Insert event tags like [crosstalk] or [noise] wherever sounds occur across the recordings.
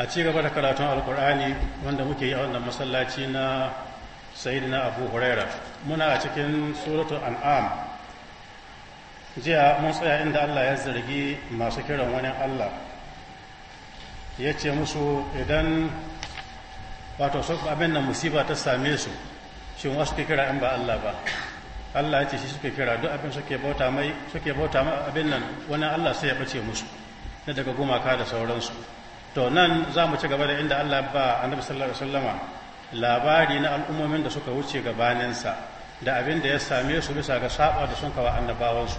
a ci gaba da karatun alkur'ani wanda muke yi a wannan masallaci na sayidina abu huraira muna a cikin suratul an'am jiya mun tsaya inda allah ya zargi masu kiran wani allah ya ce musu idan wato su abin da musiba ta same su shin wasu ke kira in ba allah ba allah ya ce shi suke kira duk abin suke bauta mai suke bauta mai abin nan wani allah sai ya bace musu na daga gumaka da sauransu to nan za mu ci gaba da inda Allah ba annabi sallallahu alaihi wasallama labari na al'ummomin da suka wuce gabaninsa da abin da ya same su bisa ga saba da sun wa annabawansu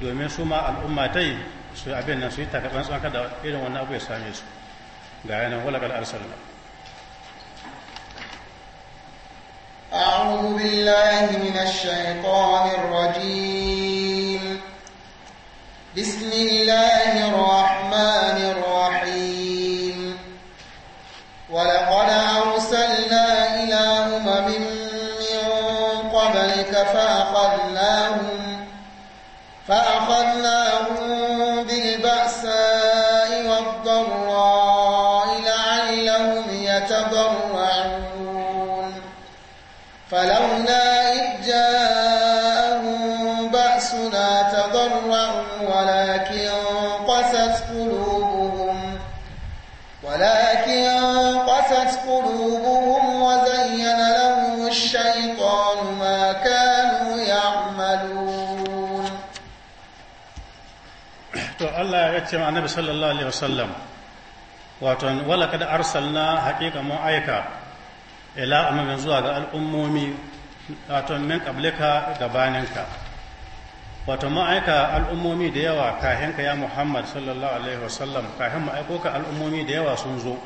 domin su ma al'umma ta yi su abin nan su yi takaɓen tsanka da irin wannan abu ya same su ga yanar walakal arsalna أعوذ بالله من الشيطان الرجيم بسم الله الرحمن الرحيم فأخذناهم بالبأساء والضراء لعلهم يتضرعون فلولا إذ جاءهم بأسنا تضرعوا ولكن قست قلوبهم ولكن Allah ya ce ma annabi sallallahu alaihi wasallam wato wala kada arsalna haqiqa mu aika ila amamin zuwa ga al'ummomi wato min qablika baninka wato mu aika al'ummomi da yawa kahin ka ya Muhammad sallallahu alaihi wasallam kahin mu aiko ka al'ummomi da yawa sun zo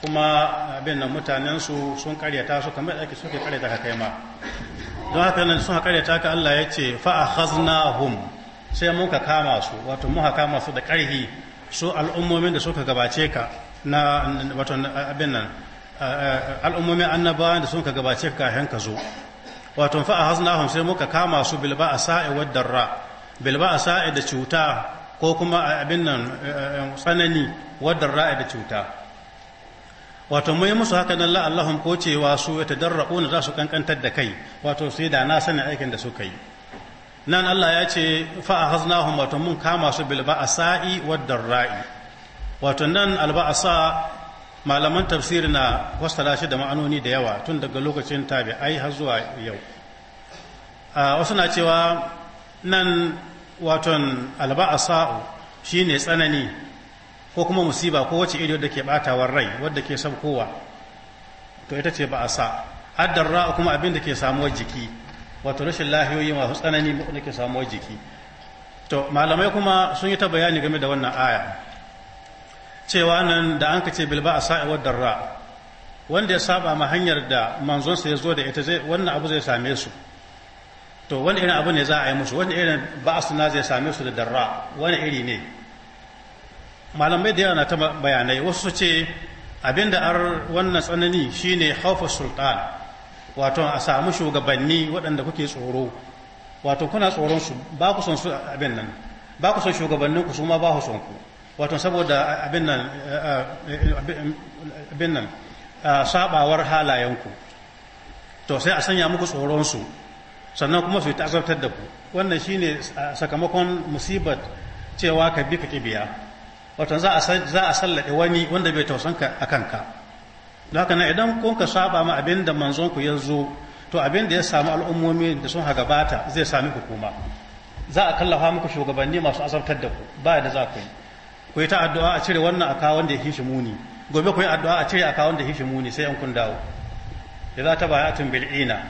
kuma abin nan mutanen su sun karyata su kamar ake suke karyata ka kai ma don haka nan sun karyata ka Allah ya ce fa akhadnahum sai muka kama su wato muka kama su da ƙarhi su al'ummomin da suka gabace ka na wato abin nan al'ummomin annabawan da suka gabace ka kafin ka zo wato fa ahaznahum sai muka kama su bilba asa'i wad darra bilba asa'i da cuta ko kuma abin nan tsanani wad darra da cuta wato mun yi musu haka nan la'allahum ko cewa su na za su kankantar da kai wato sai da na sanin aikin da suka yi nan Allah ya ce fa ahaznahum wato mun kama su bil sa'i waddar ra'i, wato nan al sa malaman tafsiri na wasala shi da ma'anoni da yawa tun daga lokacin tabi'ai har zuwa yau a wasu na cewa nan waton al shi ne tsanani ko kuma musiba ko wace iri da ke batawar rai wadda ke sabkowa to ita ce ba'asa ra'u kuma abin da ke samuwar jiki wato rashin lahiyoyi masu tsanani ke samu jiki to malamai kuma sun yi ta bayani game da wannan aya cewa nan da an kace bilba a sa'iwar darra wanda ya saba ma hanyar da manzonsa ya zo da ita zai wannan abu zai same su to wani irin abu ne za a yi musu wani irin ba'as na zai same su da darra wani iri ne malamai da yawa na ta bayanai wasu su ce abinda ar wannan tsanani shine haufa sultan wato a samu shugabanni waɗanda kuke tsoro wato kuna tsoron su ba ku son su abin nan ba ku son shugabannin ku su ma ba ku son ku wato saboda abin nan eh, eh, abin nan sabawar halayenku to sai a sanya muku tsoron su sannan kuma su yi ta'azartar da ku wannan shine sakamakon musibar cewa ka bi ka kibiya wato za a sallaɗe wani wanda bai tausanka a kanka haka nan idan kun ka saba ma abin da manzon ku ya zo to abin da ya samu al'ummomi da sun haga bata zai sami hukuma za a kallafa muku shugabanni masu azabtar da ku ba da za ku yi ku yi ta addu'a a cire wannan a wanda ya hishi muni gobe ku yi addu'a a cire a wanda ya hishi muni sai an kun dawo za ta baya bil ina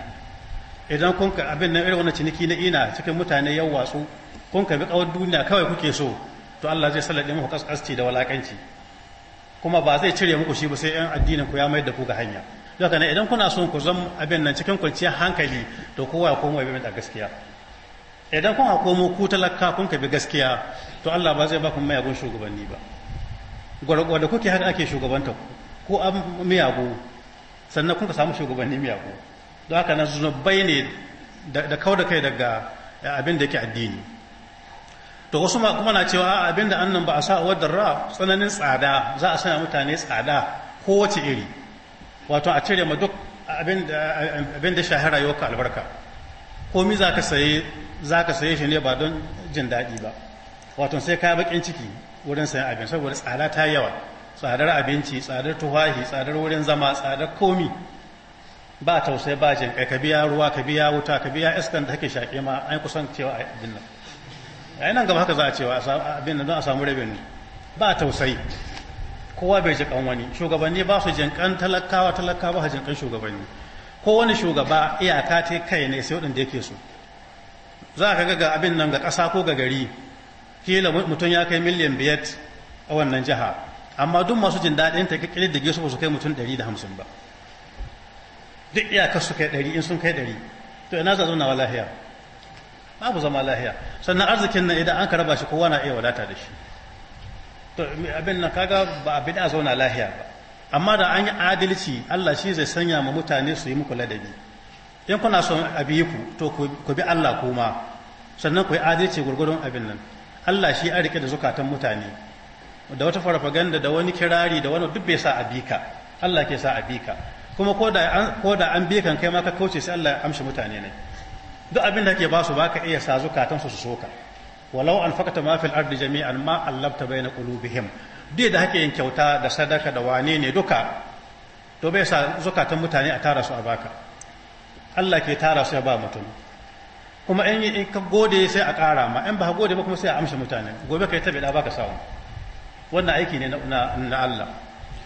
idan kun ka abin nan irin wannan ciniki na ina cikin mutane yau watsu kun ka bi kawar duniya kawai kuke so to Allah zai sallade muku kaskasci da walakanci kuma ba zai cire muku shi ba sai yan addinin ku ya mayar da ku ga hanya daga nan idan kuna son ku zan abin nan cikin kwanciyar hankali to kowa ya komo bin da gaskiya idan kun komo ku talaka kun ka bi gaskiya to Allah ba zai ba ku mayagun shugabanni ba gwargwar da kuke haka ake shugabanta ku ko an miyagu sannan kun ka samu shugabanni miyagu don haka nan zunubai ne da kau da kai daga abin da yake addini to wasu kuma na cewa abinda annan ba a sa wa ra tsananin tsada za a sanya mutane tsada kowace iri wato a cire ma duk abin da shahara yau ka albarka komi za ka saye za ka saye shi ne ba don jin daɗi ba wato sai ka bakin ciki wurin sayan abin saboda tsada ta yawa tsadar abinci tsadar tuwahi, tsadar wurin zama tsadar komi ba tausayi ba jin kai ka biya ruwa ka biya wuta ka biya iskan da kake shaƙe ma an kusan cewa a nan a nan gaba haka za a cewa abin da za a samu rabin ba tausayi kowa bai jikan wani shugabanni ba su jinkan talakawa talakawa ba su jinkan shugabanni ko wani shugaba iyaka ta kai ne sai waɗanda yake so za ka ga abin nan ga ƙasa ko ga gari kila mutum ya kai miliyan biyar a wannan jiha amma duk masu jin daɗin ta kakkirin da gaisu ba su kai mutum ɗari da hamsin ba duk iyakar su kai ɗari in sun kai ɗari to ina za zauna wa lahiya babu zama lahiya sannan arzikin nan idan an ka raba shi kowa na iya wadata da shi to abin nan kaga ba abin a zauna lahiya ba amma da an yi adalci Allah shi zai sanya ma mutane su yi muku ladabi in kuna son abi ku to ku bi Allah kuma sannan ku yi adalci gurgurun abin nan Allah shi a rike da zukatan mutane da wata farfaganda da wani kirari da wani duk bai sa a bika Allah ke sa a bika kuma ko da an bi kan kai ma ka kauce sai Allah ya amshi mutane ne duk abin da ke ba su baka iya sa zukatan su su soka walau an fakata ma fil ardi jami'an ma allabta bayna qulubihim duk da hake yin kyauta da sadaka da wane ne duka to bai sa zukatan mutane a tara su a baka Allah ke tara su ya ba mutum kuma in ka gode sai a ƙara ma in ba ka gode ba kuma sai a amshi mutane gobe kai tabi da baka samu wannan aiki ne na Allah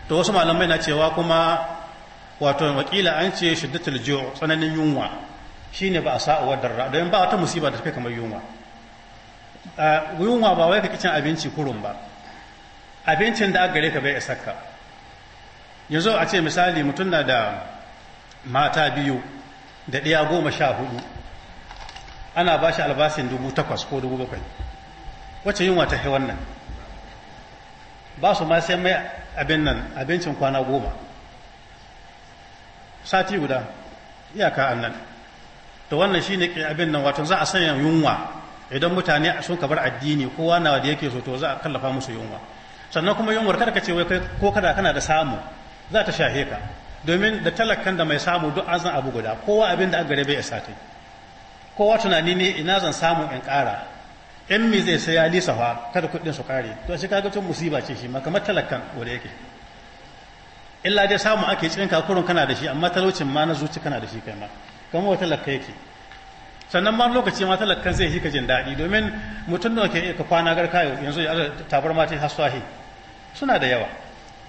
to wasu malamai na cewa kuma wato wakila an ce shiddatul ju' tsananin yunwa Shi ne ba a sa wa darra don ba wata musiba da kai kamar yunwa yunwa ba wai kake cin abinci kurun ba abincin da aka gare ka bai isa ka yanzu a ce misali mutum na da mata biyu da ɗaya goma sha hudu ana ba shi albasin dubu takwas ko dubu bakwai wacce yunwa ta fi wannan ba su ma sai mai abin nan abincin kwana goma sati guda iyaka annan nan to wannan shi ne abin nan wato za a sanya yunwa idan mutane sun ka bar addini kowa na da yake so to za a kallafa musu yunwa sannan kuma yunwar kada ka ce wai ko kada kana da samu za ta shahe ka domin da talakan da mai samu duk an san abu guda kowa abin da gare bai isa kai kowa tunani ne ina zan samu in kara in mi zai sai ya lisafa kada kuɗin su ƙare to shi kaga tun musiba ce shi ma kamar talakan wanda yake illa dai samu ake cikin kakurun kana da shi amma talaucin ma na zuci kana da shi kai ma kamar wata lakka yake sannan ma lokaci ma talakkan zai yi ka jin daɗi domin mutum da ke ka kwana garka yanzu ya tabar ma ta haswahi suna da yawa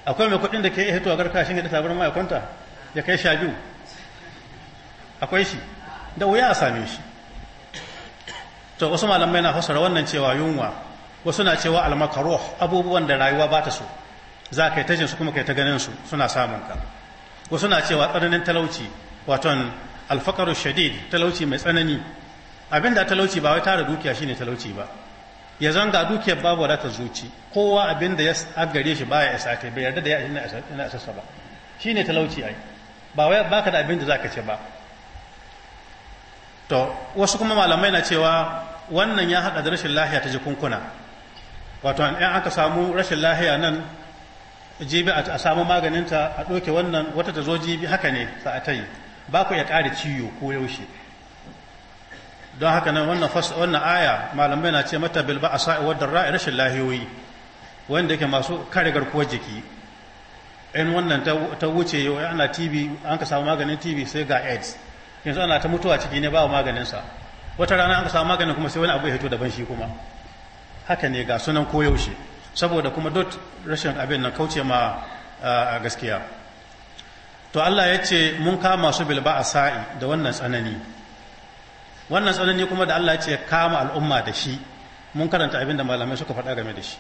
akwai mai kuɗin da ke hito a garka shi da tabar ma ya kwanta ya kai sha biyu akwai shi da wuya a same shi to wasu malamai na fassara wannan cewa yunwa wasu na cewa almakaruh abubuwan da rayuwa ba ta so za ka yi ta kuma ka ta ganin su suna samun ka wasu na cewa tsananin talauci waton alfakaru shadid talauci mai tsanani abinda talauci ba wai tara dukiya shine talauci ba ya zanga dukiyar babu ta zuci kowa abinda ya agare shi baya isa kai bai yarda da ya ina asasa ba shine talauci ai ba wai baka da abinda zaka ce ba to wasu kuma malamai na cewa wannan ya hada da rashin lahiya ta jikunkuna wato an aka samu rashin lahiya nan jibi a samu maganinta a ɗauke wannan wata ta zo jibi haka ne sa'atai ba ku ya ƙari ciwo ko yaushe don haka nan wannan wannan aya malamai na ce mata bil ba'sa wa darra rashin lahiyoyi wanda yake masu kare garkuwar jiki in wannan ta wuce yau ana TV an ka samu maganin TV sai ga AIDS yanzu ana ta mutuwa ciki ne ba maganin sa wata rana an ka samu maganin kuma sai wani abu ya hito daban shi kuma haka ne ga sunan koyaushe saboda kuma dot rashin abin nan kauce ma gaskiya to Allah ya ce mun kama su bilba a sa'i da wannan tsanani wannan tsanani kuma da Allah ya ce kama al'umma da shi mun karanta abin da malamai suka faɗa game da shi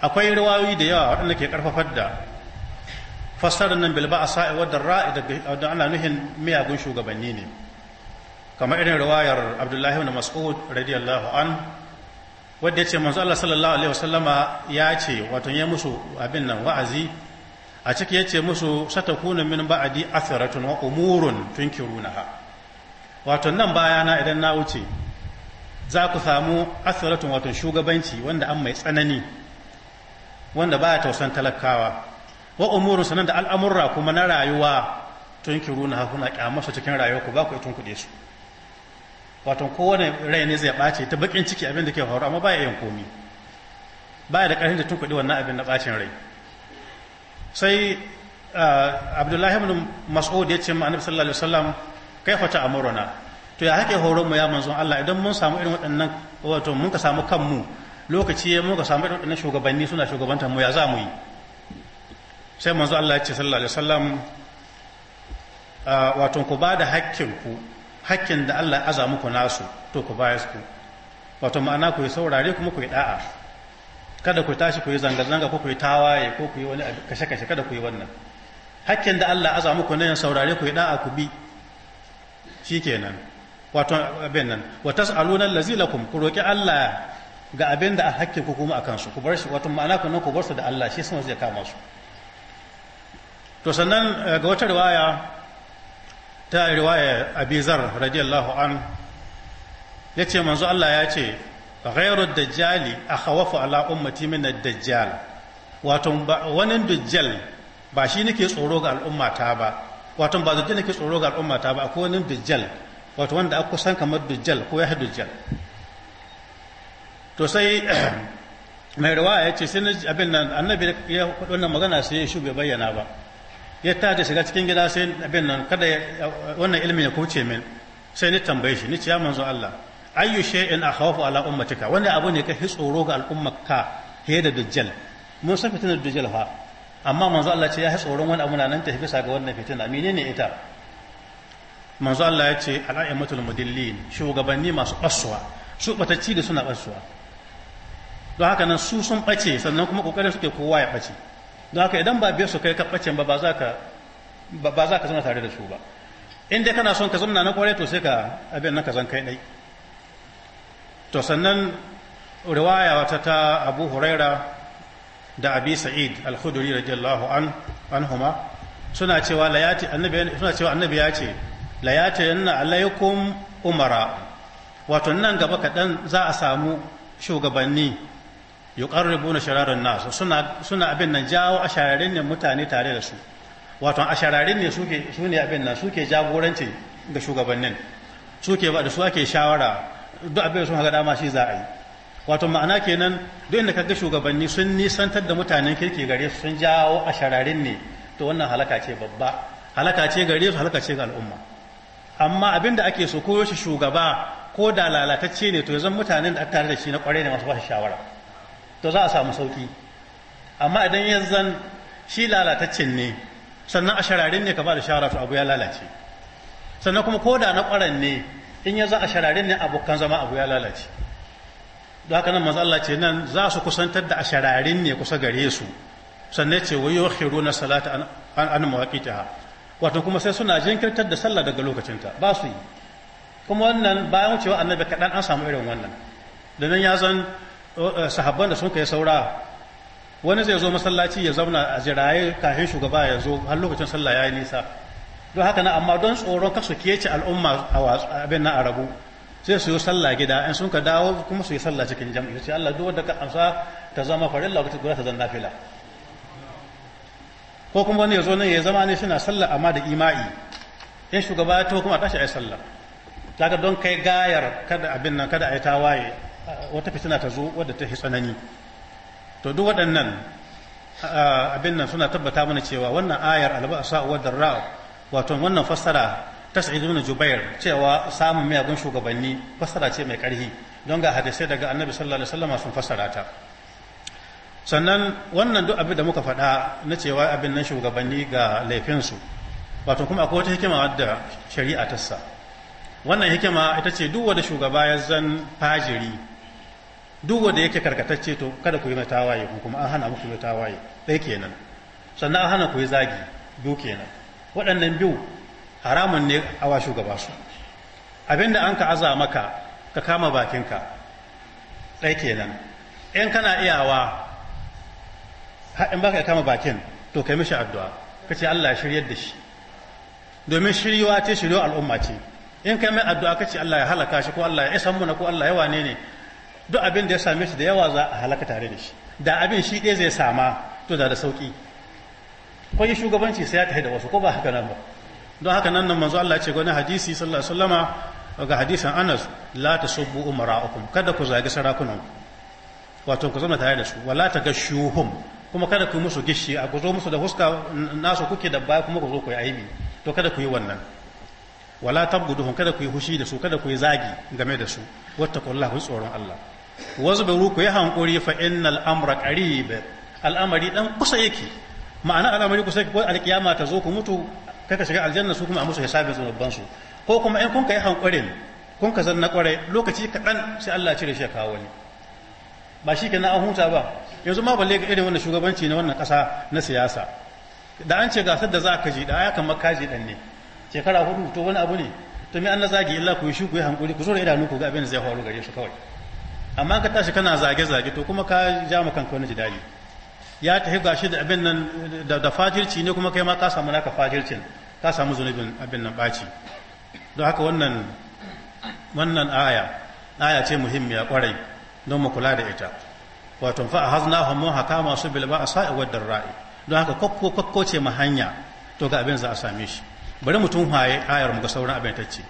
akwai riwayoyi da yawa waɗanda ke ƙarfafar da fassarar nan a sa'i wadda ra'i da ana nuhin miyagun shugabanni ne kamar irin ruwayar Abdullahi na Mas'ud radiyallahu an wadda ya ce manzo Allah sallallahu alaihi wasallama ya ce wato ya musu abin nan wa'azi a ciki ya ce musu satakuna min ba'adi atharatun wa umurun tunkirunaha wato nan baya na idan na wuce za ku samu atharatun wato shugabanci wanda an mai tsanani wanda ba ya tausan talakawa wa umurun sanan da al'amurra kuma na rayuwa tunkirunaha kuna kyamarsa cikin rayuwa ku ba ku itin kuɗe su wato kowane rai ne zai ɓace ta bakin ciki abin da ke faru amma ba ya yin komi baya da ƙarfin da tun kuɗi wannan abin na ɓacin rai sai ah, abdullahi ibn mas'ud ya ce ma annabi sallallahu alaihi wasallam kaifa ta'muruna to ya hake horon mu ya manzon Allah idan mun samu irin waɗannan wato mun ka samu kanmu lokaci ya mun ka samu irin waɗannan shugabanni suna shugabantar mu ya za mu yi sai manzon Allah ya ce sallallahu alaihi wasallam ah, wato ku ba da hakkin ku hakkin da Allah ya aza muku nasu to ku bayar ku wato ma'ana ku yi saurare kuma ku yi da'a kada ku tashi ku yi zanga-zanga ko ku yi tawaye ko ku yi wani kashe-kashe kada ku yi wannan hakkin da Allah aza muku nan saurare ku yi da'a ku bi kenan wato abin nan wata tas'aluna allazi ku roƙi Allah ga abin da hakkin ku kuma a kansu ku bar shi wato ma'ana ku nan ku bar su da Allah shi sun zai kama su to sannan eh, ga wata riwaya ta riwaya abizar radiyallahu an ya ce manzo Allah ya ce غير dajjali akhawafu على ummati من الدجال واتم وان wani ba shi nake tsoro ga al'ummata ba wato ba dajjal nake tsoro ga al'ummata ba akwai wani dajjal wato wanda aka kusan kamar dajjal ko ya dajjal to sai mai rawa ya ce sai abin nan annabi ya faɗi wannan magana sai ya bayyana ba ya tashi shiga cikin gida sai abin nan kada wannan ya kuce min sai ni tambaye shi ni ce ya Allah ayyu shay'in akhafu ala ummatika wani abu ne ka tsoro ga al'ummarka he da dajjal mun san fitinar dajjal fa amma manzo Allah ce ya yi tsoron wani abu na nan tafi bisa ga wannan fitina menene ita manzo Allah ya ce ala'immatul mudillin shugabanni masu basuwa su batacci da suna basuwa don haka nan su sun bace sannan kuma kokarin suke kowa ya bace don haka idan ba biyar su kai ka bacen ba ba za ka ba za ka zama tare da su ba in dai kana son ka zama na kware to sai ka abin nan ka zan kai dai to sannan riwaya wata ta abu huraira da abi sa'id al-khudri radiyallahu anhuma suna cewa layati annabi suna cewa annabi ya ce layati yanna alaikum umara wato nan gaba kaɗan za a samu shugabanni yuqarribu na shararin nas suna suna abin nan jawo ashararin ne mutane tare da su wato ashararin ne suke su ne abin nan suke jagoranci ga shugabannin suke ba da su ake shawara duk abin sun haga dama shi za a yi wato ma'ana kenan duk inda ga shugabanni sun nisantar da mutanen kirki gare su sun jawo a shararin ne to wannan halaka ce babba halaka ce gare su halaka ce ga al'umma amma abin da ake so koyo shi shugaba ko da lalatacce ne to ya zan mutanen da aka tare da shi na kwarai ne masu bashi shawara to za a samu sauki amma idan ya shi lalataccen ne sannan a shararin ne ka ba da shawara to abu ya lalace sannan kuma ko da na kwaran ne in ya za a shararin ne abokan zama abu ya lalace don haka nan manzo Allah ce nan za su kusantar da ashararin ne kusa gare su sannan ce wa yukhiruna salata an an mawaqitaha wato kuma sai suna jinkirtar da sallah daga lokacinta ba su yi kuma wannan bayan wucewa annabi kaɗan an samu irin wannan domin ya zan sahabban da sun kai saura wani zai zo masallaci ya zauna a jiraye kafin shugaba ya zo har lokacin sallah ya yi nisa don haka na amma don tsoron kasu ci al'umma a abin na arabu sai su yi sallah gida in sun ka dawo kuma su yi sallah cikin jam'i sai Allah duk wanda ka amsa ta zama farin wata guda ta zanna fila ko kuma wani ya zo nan ya zama ne suna sallah amma da ima'i in shugaba ya kuma tashi a yi sallah kaga don kai gayar kada abin nan kada a yi tawaye wata fitina ta zo wadda ta tsanani to duk waɗannan abin nan suna tabbata mana cewa wannan ayar sa'uwar da ra'a wato wannan fassara ta sa'idun jubair cewa samun miyagun shugabanni fassara ce mai ƙarfi don ga hadisai daga annabi sallallahu alaihi wasallam sun fassara ta sannan wannan duk abin da muka faɗa na cewa abin nan shugabanni ga laifinsu wato kuma akwai wata hikima wadda shari'a ta sa wannan hikima ita ce duk wanda shugaba ya zan fajiri duk wanda yake karkatacce to kada ku yi mai tawaye kuma an hana muku mai tawaye ɗaya kenan sannan an hana ku yi zagi biyu kenan waɗannan biyu haramun ne a wa shugaba su abinda an ka aza maka ka kama bakinka ɗai kenan in kana iyawa in baka kama bakin to kai mishi addu'a ka ce Allah ya shiryar da shi domin shiryuwa ce shiryo al'umma ce in kai mai addu'a ka ce Allah ya halaka shi ko Allah ya isan muna ko Allah ya wane ne duk abin da ya same shi da yawa za a halaka tare da shi da abin shi ɗaya zai sama to da da sauƙi kwai shugabanci sai ya tafi da wasu ko ba haka nan ba don haka nan nan manzo Allah ce gwani hadisi sallallahu alaihi wasallama daga hadisin Anas la tasubbu umara'ukum kada ku zagi sarakunan wato ku zama tare da su wala tagashuhum kuma kada ku musu gishi a ku zo musu da huska nasu kuke da baya kuma ku zo ku yi aibi to kada ku yi wannan wala tabguduhum kada ku yi hushi da su kada ku yi zagi game da su wattaqullahu tsoron Allah wazbiru ku yi hankuri fa innal amra qarib al'amari dan kusa yake ma'ana al'amari ku kusa ko alkiyama ta zo ku mutu kaka shiga aljanna su kuma a musu hisabin zunuban su ko kuma in kun kai hankurin kun ka zanna kwarai lokaci kaɗan sai Allah cire shi ya kawo wani ba shi kenan an huta ba yanzu ma balle ga irin wannan shugabanci na wannan ƙasa na siyasa da an ce gasar da za ka ji da ya kama kaji ɗan ne shekara hudu to wani abu ne to me an na zagi illa ku yi shi ku yi hankuri ku zura idanu ku ga abin da zai faru gare shi kawai amma ka tashi kana zage-zage to kuma ka ja ma kanka wani jidali ya tafi gashi da abin nan da fajirci ne kuma kai ma ka samu naka fajircin ka samu zunubin abin nan ɓaci don haka wannan wannan aya aya ce muhimmiya kwarai don mu kula da ita wato fa a hazna hamu haka masu bilba a sa'i wadda ra'i don haka kokko kokko ce ma hanya to ga abin za a same shi bari mutum haye ayar mu ga sauran abin ta ce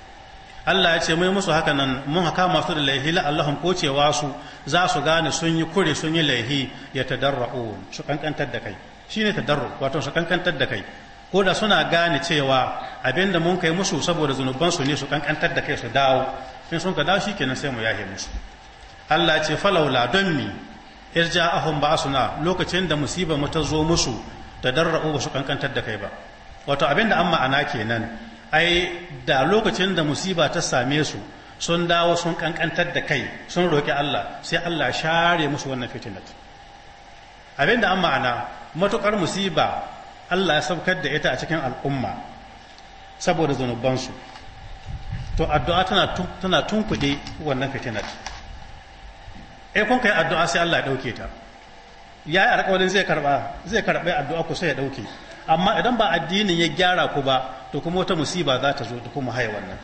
Allah ya ce mai musu haka nan mun haka masu da laihi la Allahun kocewa su za su gane sun yi kure sun yi laihi ya tadarra'u su kankantar da kai Shi ne tadarru wato su kankantar da kai ko da suna gane cewa abinda mun kai musu saboda zunubansu ne su kankantar da kai su dawo in sun ka dawo kenan sai mu yahe musu Allah ya ce falaula don mi su na lokacin da musiba mu ta zo musu tadarra'u ba su kankantar da kai ba wato abinda an ma'ana kenan ai da lokacin da musiba ta same su sun dawo sun kankantar da kai sun roƙi Allah sai Allah share musu wannan fitinat Abinda an ma'ana matuƙar musiba Allah ya saukar da ita a cikin al'umma saboda zunubansu to addu'a tana tana tunkuɗe wannan fitinat eh kun kai addu'a sai Allah ya ɗauke ta ya alƙawarin zai karɓa zai karba addu'a ku sai ya ɗauke amma idan ba addinin ya gyara ku ba to kuma wata musiba za ta zo ta kuma haye wannan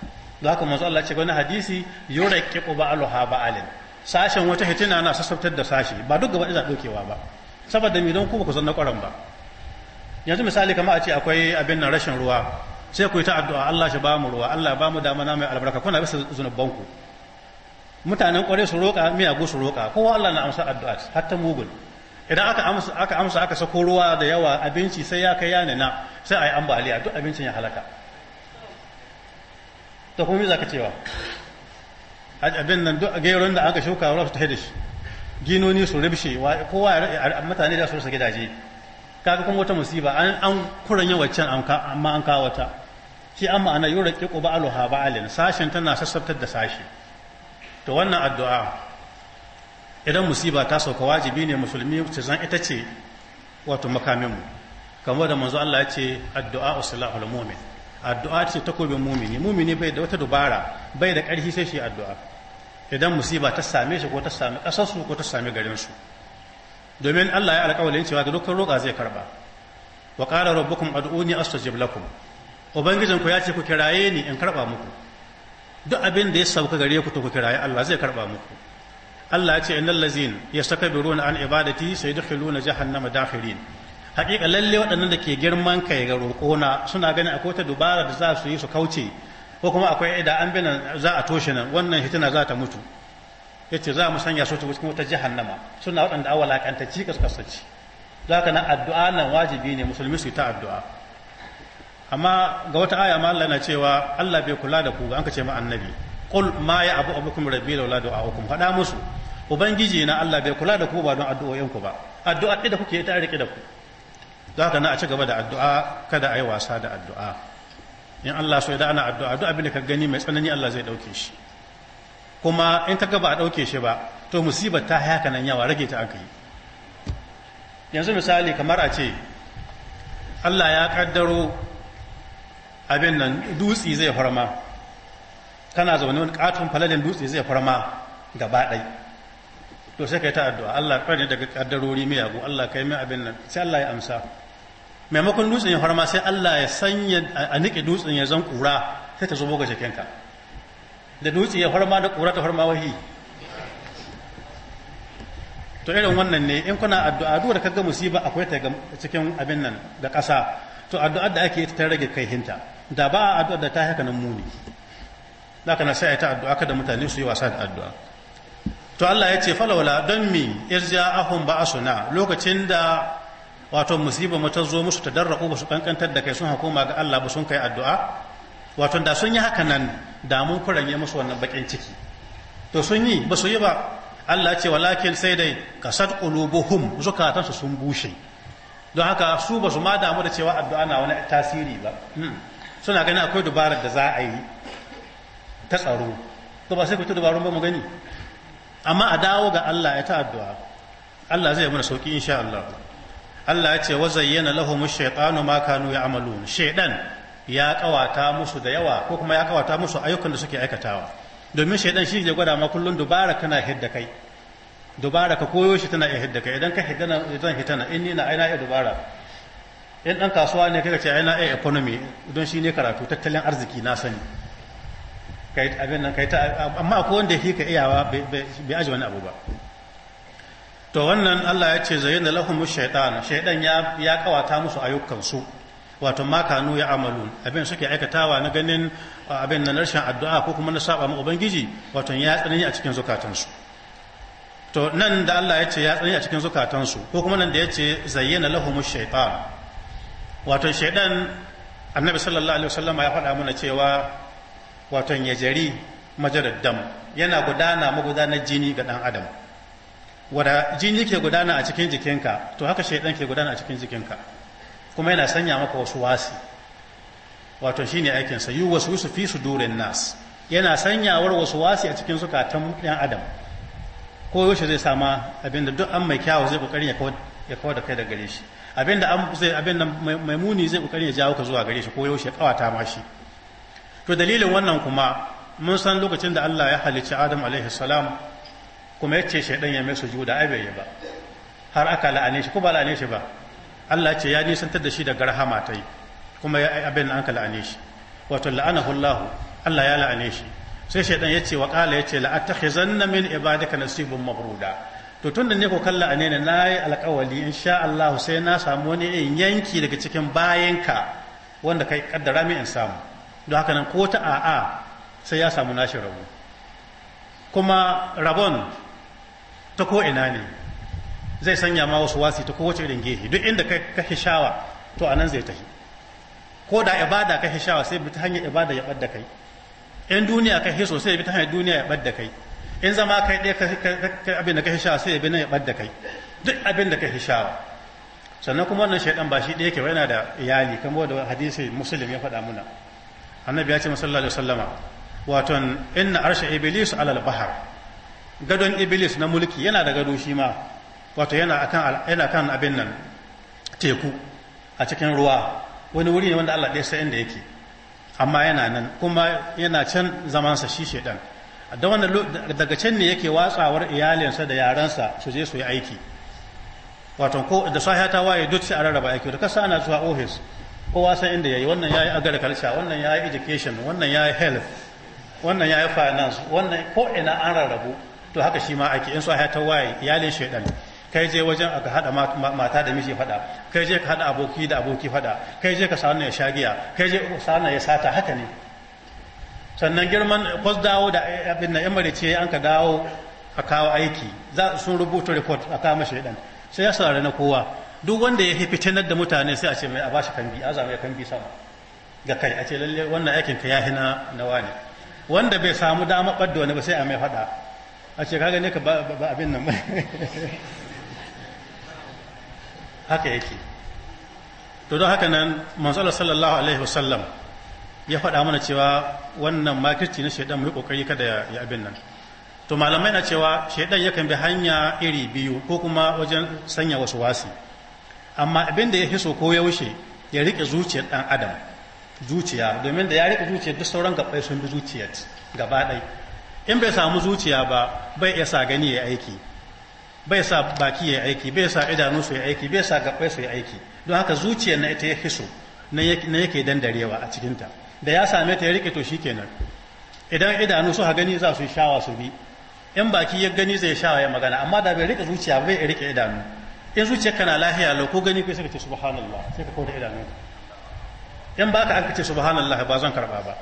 za ka manzo Allah ce wani hadisi yuraqiqu ba ba'alin sashen wata hitina na sassautar da sashi ba duk gaba ɗaya dokewa ba saboda me don ku ba ku san na ƙwaron ba yanzu misali kamar a ce akwai abin nan rashin ruwa sai ku yi ta addu'a Allah shi ba mu ruwa Allah ba mu na mai albarka kuna bisa ku. mutanen ƙware su roƙa miyagu su roƙa kowa Allah na amsa addu'a hatta mugun idan aka amsa aka sako ruwa da yawa abinci sai ya kai na sai a yi ambaliya duk abincin ya halaka to kuma me za ka cewa abin nan duk gairon da aka shuka ruwa su ta da ginoni su rubshe kowa mutane da su rusa gidaje kaga kuma wata musiba an an kuranya waccan amma an kawo ta shi amma ana yura kiqu ba'alin sashin tana sassabtar da sashi to wannan addu'a idan musiba ta sauka wajibi ne musulmi su zan ita ce wato makaminmu kamar da manzo Allah ya ce addu'a usulahul mu'min addu'a ce takobin mumini mumini bai da wata dubara bai da ƙarfi sai shi addu'a idan musiba ta same shi ko ta same ƙasarsu ko ta same garinsu domin Allah ya alƙawalin cewa da dukkan roƙa zai karba wa qala rabbukum ad'uni astajib lakum ubangijinku ya ce ku kiraye ni in karba muku duk abin da ya sauka gare ku to ku kiraye Allah zai karba muku Allah ya ce innal lazin yastakbiruna an ibadati sayadkhuluna jahannama dakhirin haƙiƙa lalle waɗannan da ke girman kai ga roƙona suna ganin akwai ta dubara da za su yi su kauce ko kuma akwai da an bina za a toshe nan wannan hitina za ta mutu yace za mu sanya su cikin wata jahannama suna waɗanda awala kantaci kaskasaci za ka na addu'a nan wajibi ne musulmi su ta addu'a amma ga wata aya ma Allah na cewa Allah bai kula da ku an ka ce ma annabi qul ma ya abu abukum rabbi laula du'aukum fada musu ubangiji na Allah bai kula da ku ba don addu'o'in ku ba addu'a da kuke ta rike da ku Za ka na a ci gaba da addu'a kada a wasa da addu'a in Allah so idan ana addu'a duk abin da ka gani mai tsanani Allah zai dauke shi kuma in ka gaba a dauke shi ba to musiba ta haka nan yawa rage ta aka yi yanzu misali kamar a ce Allah ya kaddaro abin nan dutsi zai farma tana zaune wani katon falalen dutse zai farma gaba ɗai to sai ka yi ta addu'a Allah kar ne daga kaddarori miyagu Allah kai mai abin nan sai Allah ya amsa maimakon dutsen ya farma sai Allah ya sanya a nike dutsen ya zan kura sai ta zubo ga jikinka da dutse ya farma da kura ta farma wahi to irin wannan ne in kuna addu'a duk da kaga musiba akwai ta cikin abin nan da ƙasa to addu'ar da ake ta rage hinta da ba addu'ar da ta haka nan muni zaka na sai ta addu'a kada mutane su yi wasa da addu'a to Allah ya ce falawala don mi a suna lokacin da wato musiba mata zo musu ta darraku ba su kankantar da kai sun hakoma ga Allah ba sun kai addu'a wato da sun yi haka nan da mun kuranye musu wannan bakin ciki to sun yi ba su yi ba Allah ce walakin sai dai kasat qulubuhum zukatansu sun bushe don haka su ba su ma damu da cewa addu'a na wani tasiri ba hmm. suna ganin akwai dubarar da za a yi ta tsaro to ba sai ku ta dabarun ba mu gani amma a dawo ga Allah ya ta addu'a Allah zai mana sauki insha Allah Allah ya ce wa zayyana lahum ash-shaytanu ma kanu ya'malun shaydan ya kawata musu da yawa ko kuma ya kawata musu ayyukan da suke aikatawa domin shaydan shi ne gwada ma kullun dubara kana hidda kai dubara ka koyo shi tana iya hidda kai idan ka hidda na idan hidda in ni na aina iya dubara in dan kasuwa ne kai ka ce aina iya economy don shi ne karatu tattalin arziki na sani kai abin nan kai ta amma akwai wanda yake ka iyawa bai aji wani abu ba to wannan Allah ya ce zayyana lahum shaytan shaydan ya ya kawata musu ayyukansu wato ma kanu ya amalu abin suke aikatawa na ganin abin nan rashin addu'a ko kuma na saba ma ubangiji wato ya tsanani a cikin zukatansu to nan da Allah ya ce ya tsanani a cikin zukatansu ko kuma nan da ya ce zayyana lahum shaytan wato shaydan annabi sallallahu alaihi wasallam ya faɗa mana cewa waton ya jari majalar dam yana gudana magudanar jini ga ɗan adam wada jini ke gudana a cikin jikinka to haka shaidan ke gudana a cikin jikinka kuma yana sanya maka wasu wasi wato ne aikinsa yi wasu yusu fi su durin nas yana sanyawar wasu wasi a cikin zukatan ɗan adam ko yaushe zai sama abinda duk an mai kyawu zai kokarin ya kawar da kai da gare shi abinda mai muni zai kokarin ya jawo ka zuwa gare shi ko yaushe kawata ma shi to dalilin wannan kuma mun san lokacin da Allah ya halicci Adam alaihi salam kuma yace shaydan ya mai sujuda ai bai ba har aka la'ane shi ko ba la'ane shi ba Allah ce ya nisantar da shi da rahama ta yi kuma ya abin an ka la'ane shi wato la'anahu Allah Allah ya la'ane shi sai shaydan yace wa qala yace la attakhizanna min ibadika nasibun mabruda to tun da ne ko kalla na yi alkawali in sha Allah sai na samu wani in yanki daga cikin bayanka wanda kai kaddara min in samu don haka nan ko ta a'a sai ya samu nashi rabo kuma rabon ta ko ina ne zai sanya ma wasu wasi ta kowace irin gehe duk inda ka hishawa to anan zai tafi ko da ibada ka hishawa sai bi ta hanyar ibada ya ɓadda kai in duniya ka hiso sai bi ta hanyar duniya ya ɓadda kai in zama kai ɗaya abin da ka hishawa sai bi nan ya ɓadda kai duk abin da ka hishawa sannan kuma wannan shaidan ba shi ɗaya ke yana da iyali kamar da hadisi musulmi ya faɗa muna annabi ya ce musallallahu alaihi sallama waton inna arsha iblis alal bahar gadon iblis na mulki yana da gado shi ma wato yana akan yana kan abin nan teku a cikin ruwa wani wuri ne wanda Allah ɗaya sai inda yake amma yana nan kuma yana can zamansa shi shedan da wannan daga can ne yake watsawar iyalinsa da yaransa su je su yi aiki wato ko da sahiya ta waye duk sai a rarraba aiki da kasa ana zuwa ofis kowa san inda yayi wannan yayi agriculture wannan yayi education wannan yayi health wannan yayi finance wannan ko ina an rarrabu to haka shi ma ake in so ya tawaye iyalin shaidan kai je wajen aka hada mata da miji fada kai je ka hada aboki da aboki fada kai je ka sanar ya shagiya kai je ka sanar ya sata haka ne sannan girman kwas dawo da abin na yamma ce an ka dawo a kawo aiki za sun rubuta report a kama shaidan sai ya saurari na kowa duk wanda ya fi fitinar da mutane sai a ce mai a shi kambi a zama ya kambi sama ga kai a ce lalle wannan aikin ka ya hina na wani wanda bai samu dama ɓadda wani ba sai a mai faɗa a ce kaga ne ka ba abin nan [laughs] haka yake to don haka nan manzala sallallahu alaihi wasallam ya faɗa mana cewa wannan makirci na shaidan mu yi kokari kada ya abin nan to malamai na cewa shaidan yakan bi hanya iri biyu ko kuma wajen sanya wasu wasi amma abin da ya fi so ko yaushe ya riƙe zuciyar ɗan adam zuciya domin da ya rike zuciyar duk sauran gaɓai sun bi zuciyar gaba ɗai in bai samu zuciya ba bai iya sa gani ya aiki bai sa baki ya aiki bai sa idanu su ya aiki bai sa gaɓai su ya aiki don haka zuciyar na ita ya fi so na yake dandarewa a cikinta da ya same ta ya riƙe to shi kenan idan idanu ha gani za su yi shawa su bi in baki ya gani zai shawa ya magana amma da bai rike zuciya bai rike idanu in zuciya kana lahiya lau ko gani kai sai ka ce subhanallah sai ka kawo da idanun in ba ka ce kace subhanallah ba zan karba ba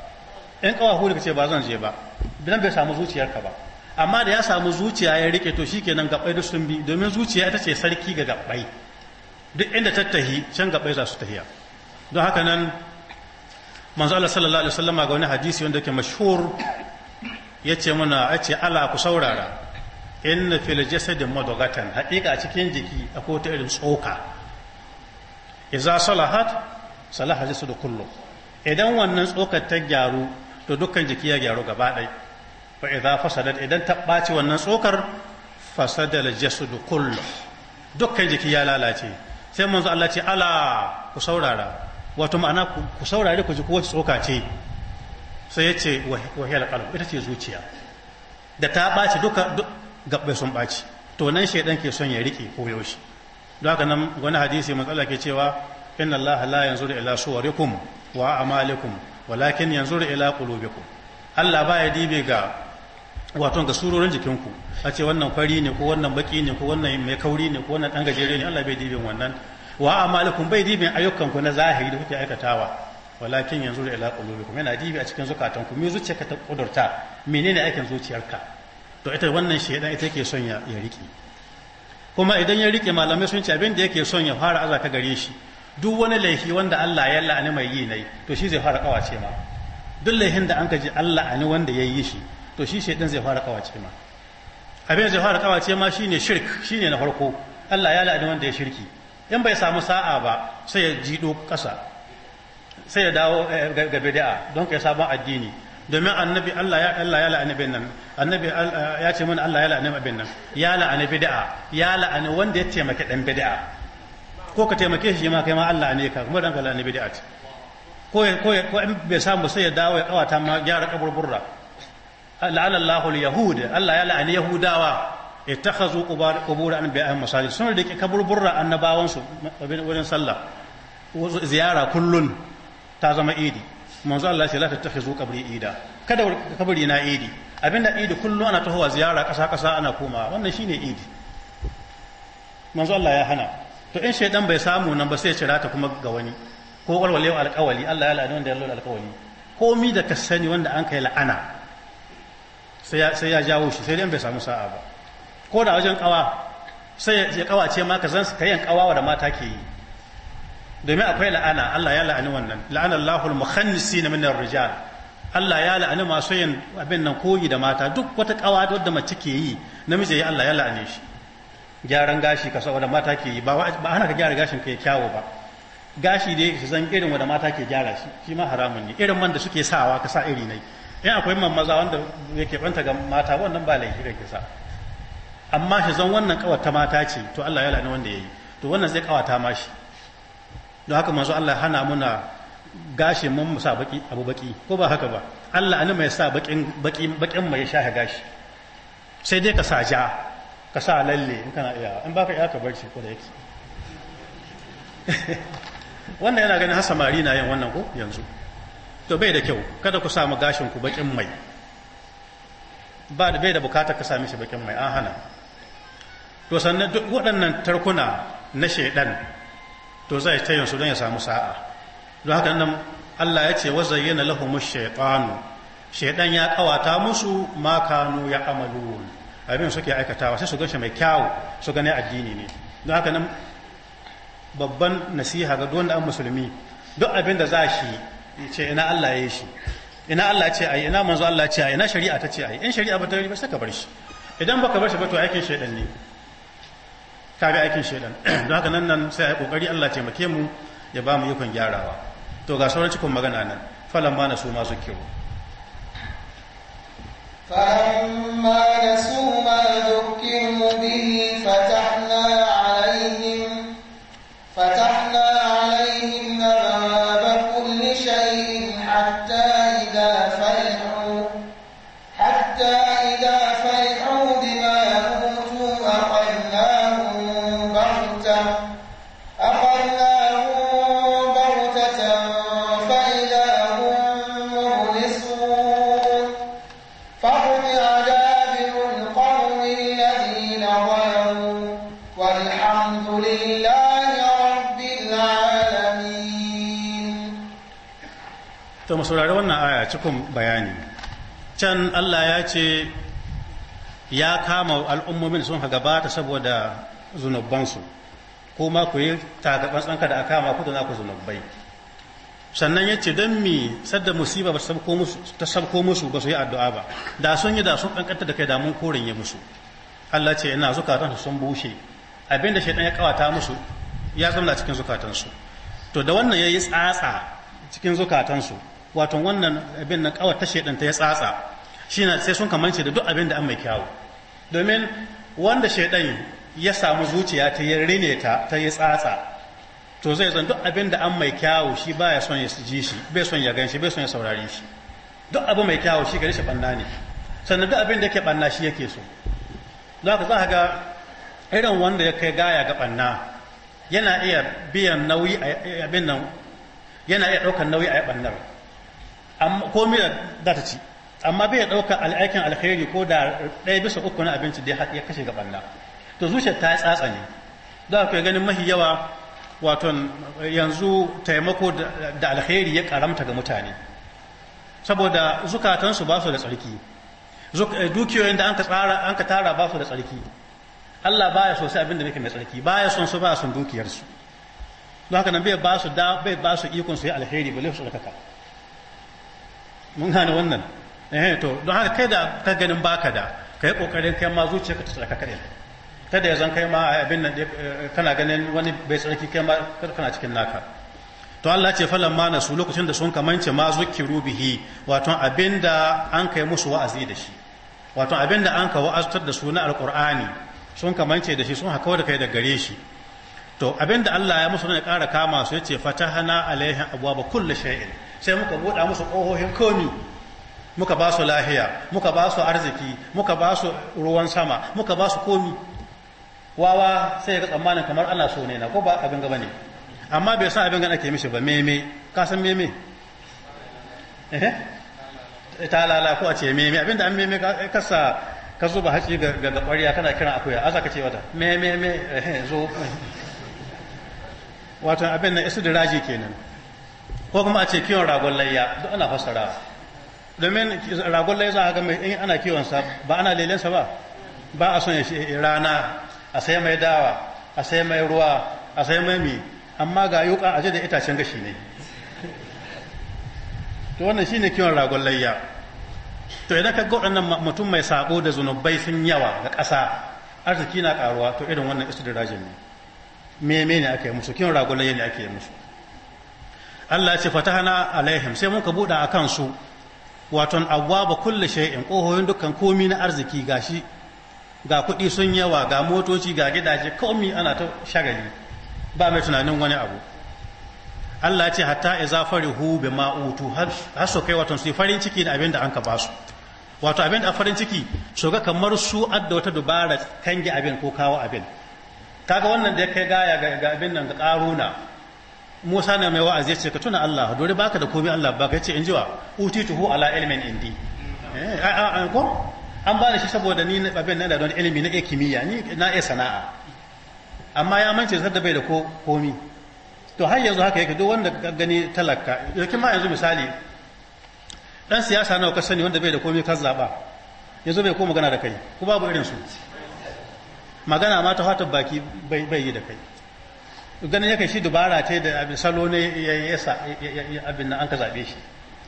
in hudu ka ce ba zan je ba dan bai samu zuciyarka ba amma da ya samu zuciya ya rike to shikenan gabbai da sun bi domin zuciya ita ce sarki ga gabai duk inda ta tahi can gabai za su tahiya don haka nan manzo Allah sallallahu alaihi wasallama ga wani hadisi wanda yake mashhur yace muna yace ala ku saurara inna fil jasadin madghatan haƙiƙa cikin jiki akwai ta irin tsoka idza salahat salaha da kullu idan wannan tsokar ta gyaru to dukkan jiki ya gyaru gaba ɗaya fa idza fasadat idan ta ɓaci wannan tsokar fasadal da kullu dukkan jiki ya lalace sai manzo Allah ce ala ku saurara wato ma'ana ku saurare ku ji kowace tsoka ce sai ya ce wahiyar ita ce zuciya da ta ɓaci duka gabbe sun ɓaci to nan shaidan ke son ya riƙe ko yaushe don haka nan wani hadisi matsala ke cewa inna allah la yanzuru ila suwarikum wa amalikum walakin yanzuru ila qulubikum Allah baya dibe ga wato ga surorin jikinku a ce wannan fari ne ko wannan baki ne ko wannan mai kauri ne ko wannan dan gajere ne Allah bai dibe wannan wa amalikum bai dibe ayyukanku na zahiri da kuke aikatawa walakin yanzu da ila qulubikum yana dibe a cikin zukatanku me zuciyarka ta kudurta menene aikin zuciyarka to ita wannan shaidan ita yake son ya riƙe kuma idan ya riƙe malamai sun ce abin da yake son ya fara azaka gare shi duk wani laifi wanda Allah ya la'ani mai yi nai to shi zai fara kawace ma duk laifin da an ka ji Allah ani wanda ya yi shi to shi shaidan zai fara kawace ma abin zai fara kawace ma shine shirk shine na farko Allah ya la'ani wanda ya shirki in bai samu sa'a ba sai ya jido ƙasa sai ya dawo eh, ga bid'a don kai sabon addini domin annabi Allah ya Allah ya la'ani bin nan annabi ya ce mun Allah ya la'ani bin nan ya la'ani bid'a ya la'ani wanda ya taimake dan bid'a ko ka taimake shi ma kai ma Allah ne ka kuma dan ka la'ani bid'a ko ko ko in bai samu sai ya dawo ya kawata ma gyara kaburburra la'ana Allahu al-yahud Allah ya la'ani yahudawa ittakhazu qubur anbiya'ihim masajid sun rike kaburburra su wurin sallah ziyara kullun ta zama idi manzo Allah ce la tattakhizu qabri ida kada kabari na idi abinda idi kullum ana tahowa ziyara kasa kasa ana koma wannan shine idi manzo Allah ya hana to in shaydan bai samu nan ba sai ya cira ta kuma ga wani ko wa alƙawali Allah ya la'ani wanda ya lura alƙawali komi da ka sani wanda an kai la'ana sai ya jawo shi sai dai bai samu sa'a ba ko da wajen kawa sai ya kawace ma ka zan ka yin kawawa da mata ke yi domin akwai la'ana Allah ya la'ani wannan la'ana Allahul mukhannisina na ar-rijal Allah ya la'ani masu yin abin nan koyi da mata duk wata kawa wadda mace ke yi namiji ya Allah ya la'ane shi gyaran gashi ka saboda mata ke yi ba ana ka gyara gashin ya kyawo ba gashi dai su zan irin wanda mata ke gyara shi shi ma haramun ne irin man da suke sawa ka sa iri nai in akwai man maza wanda yake banta ga mata wannan ba laifi da kisa amma shi zan wannan kawata mata ce to Allah ya la'ani wanda yayi to wannan zai kawata ma shi don haka manzo Allah hana muna gashi mun sa baki abu baki ko ba haka ba Allah ani mai sa bakin bakin bakin mai sha gashi sai dai ka sa ja ka sa lalle in kana iya in baka iya ka bar shi ko da yake [laughs] wannan yana ganin samari na yin wannan ko yanzu to bai da kyau kada ku samu gashin ku bakin mai ba da bai da bukatar ka same shi bakin mai an hana to sannan duk waɗannan tarkuna na shaidan to zai ta yin su don ya samu sa'a don haka nan Allah ya ce wa zayyana lahum shaytanu shaydan ya kawata musu Makanu ya amalun abin suke aikatawa sai su ganshi mai kyawu su gane addini ne don haka nan babban nasiha ga duwanda an musulmi duk abin da za shi ce ina Allah ya shi ina Allah ce ai ina manzo Allah ce ai ina shari'a ta ce ai in shari'a ba ta yi ba sai ka bar shi idan baka bar shi ba to aikin shaydan ne ka bi aikin shaidan [clears throat] don haka nan sai a yi kokari Allah taimake mu ya ba mu yukan gyarawa to ga sauran cikin magana nan falan ma na su masu kiro فلما نسوا ما bi to mu wannan aya cikin bayani can Allah ya ce ya kama al'ummomin sun ta saboda zunubansu kuma ku yi tagaban tsanka da aka kama ku da naku zunubai sannan ya ce don mi sadda musiba ta sabko musu ba su yi addu'a ba da sun yi da sun kankanta da kai damun korin ya musu Allah ce ina zukatansu sun bushe abinda ɗan ya kawata musu ya zama cikin zukatansu to da wannan ya yi tsatsa cikin zukatansu wato wannan abin na kawar ta shaidanta ya tsatsa shi sai sun kamance da duk abin da an mai kyawu domin wanda shaiɗan ya samu zuciya ta yi rine ta ta yi tsatsa to zai zan duk abin da an mai kyawu shi baya son ya ji shi bai son ya gan shi bai son ya saurari shi duk abu mai kyawu shi gari shi banna ne sannan duk abin da yake banna shi yake so don za ga irin wanda ya kai gaya ga banna yana iya biyan nauyi a abin nan yana iya ɗaukar nauyi a bannar komai da ta ci amma bai ɗaukar al'aikin alkhairi ko da ɗaya bisa uku na abinci da ya kashe ga ɓanna to zuciyar ta tsatsa ne za ku ganin mahi yawa waton yanzu taimako da alkhairi ya karamta ga mutane saboda zukatansu ba su da tsarki eh, dukiyoyin da an ka tara ba su da tsarki Allah baya so sai abin da nake mai tsarki baya son su ba son dukiyarsu don haka nan bai ba su da bai ba su ikon su yi alheri ba su tsarkaka mun gane wannan eh to don haka kai da ka ganin baka da kai kokarin kai ma zuciya ka tsaka kare kada ya zan kai ma eh, abin nan eh, kana ganin wani bai tsarki kai ma kana cikin naka to Allah ce falan ma nasu lokacin da sun kamance ma zukiru bihi wato abinda an kai musu wa'azi da shi wato abinda an ka wa'azutar da su na alqur'ani sun kamance da shi sun haka da kai da gare shi to abinda Allah ya musu ne ƙara kama su yace fatahana alaihim abwaaba kulli shay'in sai muka buɗa musu ƙohohin komi muka ba su lahiya muka ba su arziki muka ba su ruwan sama muka ba su komi wawa sai ga tsammanin kamar ana so ne na ko ba abin gaba ne amma bai san abin gana ke mishi ba meme ka san meme eh ta lala ko a ce meme abin da an meme ka sa ka zuba haci ga ga kana kiran akuya aza ka ce wata meme me eh, zo wato abin nan isu da raji kenan ko kuma a ce kiwon ragon layya duk ana fassara domin ragon layya za a ga in ana kiwon sa ba ana sa ba ba a son ya shi eh, rana a sai mai dawa a sai mai ruwa a sai mai mi amma ga yuka a da itacen gashi ne to wannan shine kiwon ragon layya to idan ka ga waɗannan mutum mai sabo da zunubai sun yawa ga ƙasa arziki na ƙaruwa to irin wannan istidrajin ne me ne ake musu kiwon ragon layya ne ake musu Allah ce fatahana alaihim sai muka buɗe a kansu waton ba kulle shay'in kohoyin dukkan komi na arziki gashi ga kuɗi sun yawa ga motoci ga gidaje komi ana ta shagali ba mai tunanin wani abu Allah ce hatta iza farihu bima utu har su kai waton su farin ciki da abin da anka ba su wato abinda da farin ciki su ga kamar su adda wata dubara kange abin ko kawo abin kaga wannan da ya kai gaya ga abin nan ga karuna Musa na mai wa'azi ya ce ka tuna Allah dole baka da komai Allah baka yace in uti tuhu ala ilmin indi an eh, ba da ko an bani shi saboda ni babin na da don ilimi na kimiyya ni na iya sana'a amma ya manci zai da bai da komi to har yanzu haka yake duk wanda ka gani talaka yake ma yanzu misali dan siyasa nawa ka sani wanda bai da komi ka zaba yanzu bai ko magana da kai ko babu irin su magana ma ta fatan baki bai yi da kai ganin yake shi dubara ce da abin salo ne ya yasa abin nan an ka zaɓe shi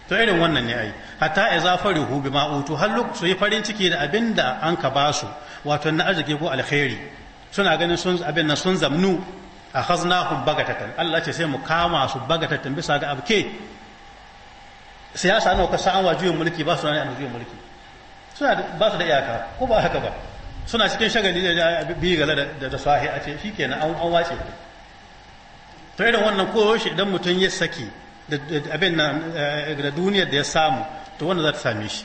to irin wannan ne ai hatta iza farihu bima utu har su yi farin ciki da abin da an ka ba su, wato na arziki ko alkhairi suna ganin sun abin nan sun zamnu a hazna khaznahum bagatatan Allah ce sai mu kama su bagatatan bisa ga abke siyasa nawa ka sa'an wajuyin mulki ba su ne an juyin mulki suna ba su da iyaka ko ba haka ba suna cikin shagali da bi gala da sahi a ce shi shikenan an wace to irin wannan ko shi idan mutum ya saki da abin eh, da duniyar da ya samu to wanda za ta same shi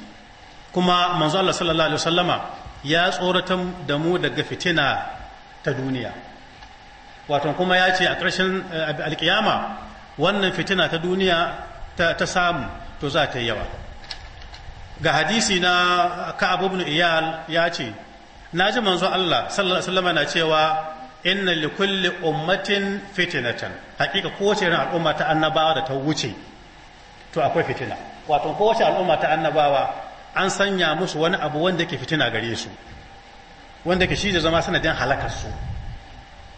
kuma manzo Allah sallallahu alaihi wasallama ya tsoratan da mu daga fitina ta duniya wato kuma ya ce a ƙarshen eh, alkiyama wannan fitina ta duniya ta samu to za ta yi yawa ga hadisi na ka'ab ibn iyal ya ce na ji manzo Allah sallallahu alaihi wasallama na cewa inna li kulli ummatin fitnatan hakika kowace irin al'umma ta annabawa da ta wuce to akwai fitina wato kowace al'umma ta annabawa an sanya musu wani abu wanda ke fitina gare su wanda ke shi da zama sanadin halakar su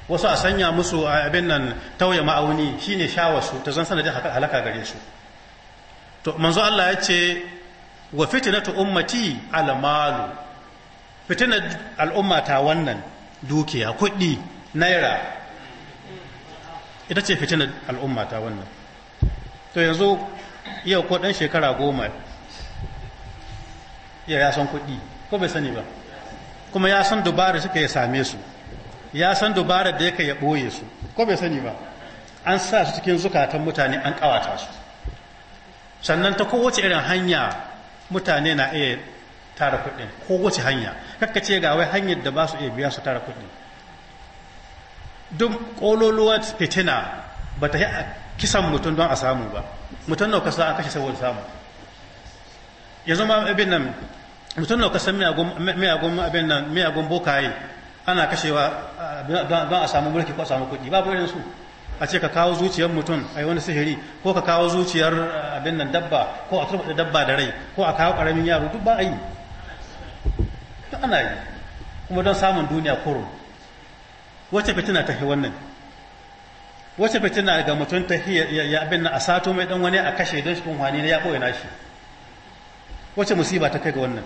wasu a sanya musu abin nan tauye ma'auni shine shawarsu ta zan sanadin halaka gare su to manzo Allah ya ce wa fitnatu ummati almalu fitinar al'ummata wannan dukiya kuɗi naira ita ce fitinar al'umma ta wannan to yanzu yau ko ɗan shekara goma ya ya san kuɗi ko bai sani ba kuma ya san dubara suka ya same su ya san dubara da yake ya ɓoye su ko bai sani ba an sa su cikin zukatan mutane an ƙawata su sannan ta kowace irin hanya mutane na iya tara kuɗin ko wace hanya kakka ce ga wai hanyar da ba su iya biya su tara kuɗi duk ƙololuwar fitina ba ta yi a kisan mutum don a samu ba mutum nau kasa an kashe saboda samu ya zama abin nan mutum nau kasa miyagun abin nan miyagun bokaye ana kashewa don a samu mulki ko a samu kuɗi babu irin su a ce ka kawo zuciyar mutum a yi wani sihiri ko ka kawo zuciyar abin nan dabba ko a turbaɗa dabba da rai ko a kawo ƙaramin yaro duk ba a yi To ana yi kuma don samun duniya kurum wacce fitina ta fi wannan wacce fitina ga mutum ta fi ya abin a sato mai dan wani a kashe don shi kunwani ne ya koya nashi wacce musiba ta kai ga wannan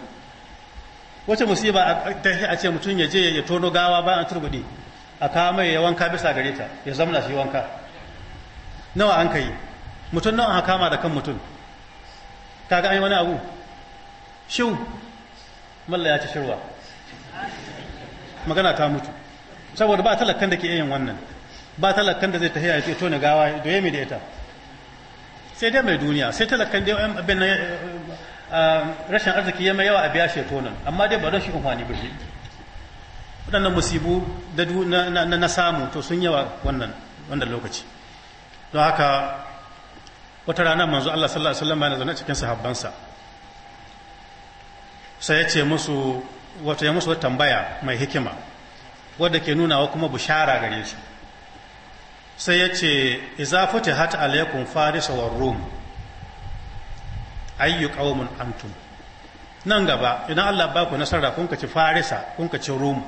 wacce musiba ta fi a ce mutum ya je ya tono gawa bayan an turbudi a kawo mai ya wanka bisa gare ta ya zamna shi wanka nawa an kai mutum nawa an kama da kan mutum kaga an yi wani abu shiu malla ya ci shirwa magana ta mutu saboda ba talakan da ke yin wannan ba talakan da zai ta ya ce ne gawa da mai da ita sai dai mai duniya sai talakan da yan abin na eh, eh, rashin arziki ya mai yawa a biya nan amma dai ba don shi umfani ba shi waɗannan musibu na samu to sun yawa wannan wannan lokaci don haka wata rana manzo Allah sallallahu alaihi wasallam yana zaune cikin sahabbansa sai ya ce musu wato ya musu tambaya mai hikima wadda ke nuna wa kuma bushara gare shi sai ya ce iza hata alaikun Farisa wa rum ayyu qaumun antum nan gaba idan Allah ba ku nasara kun ci farisa kun ci rum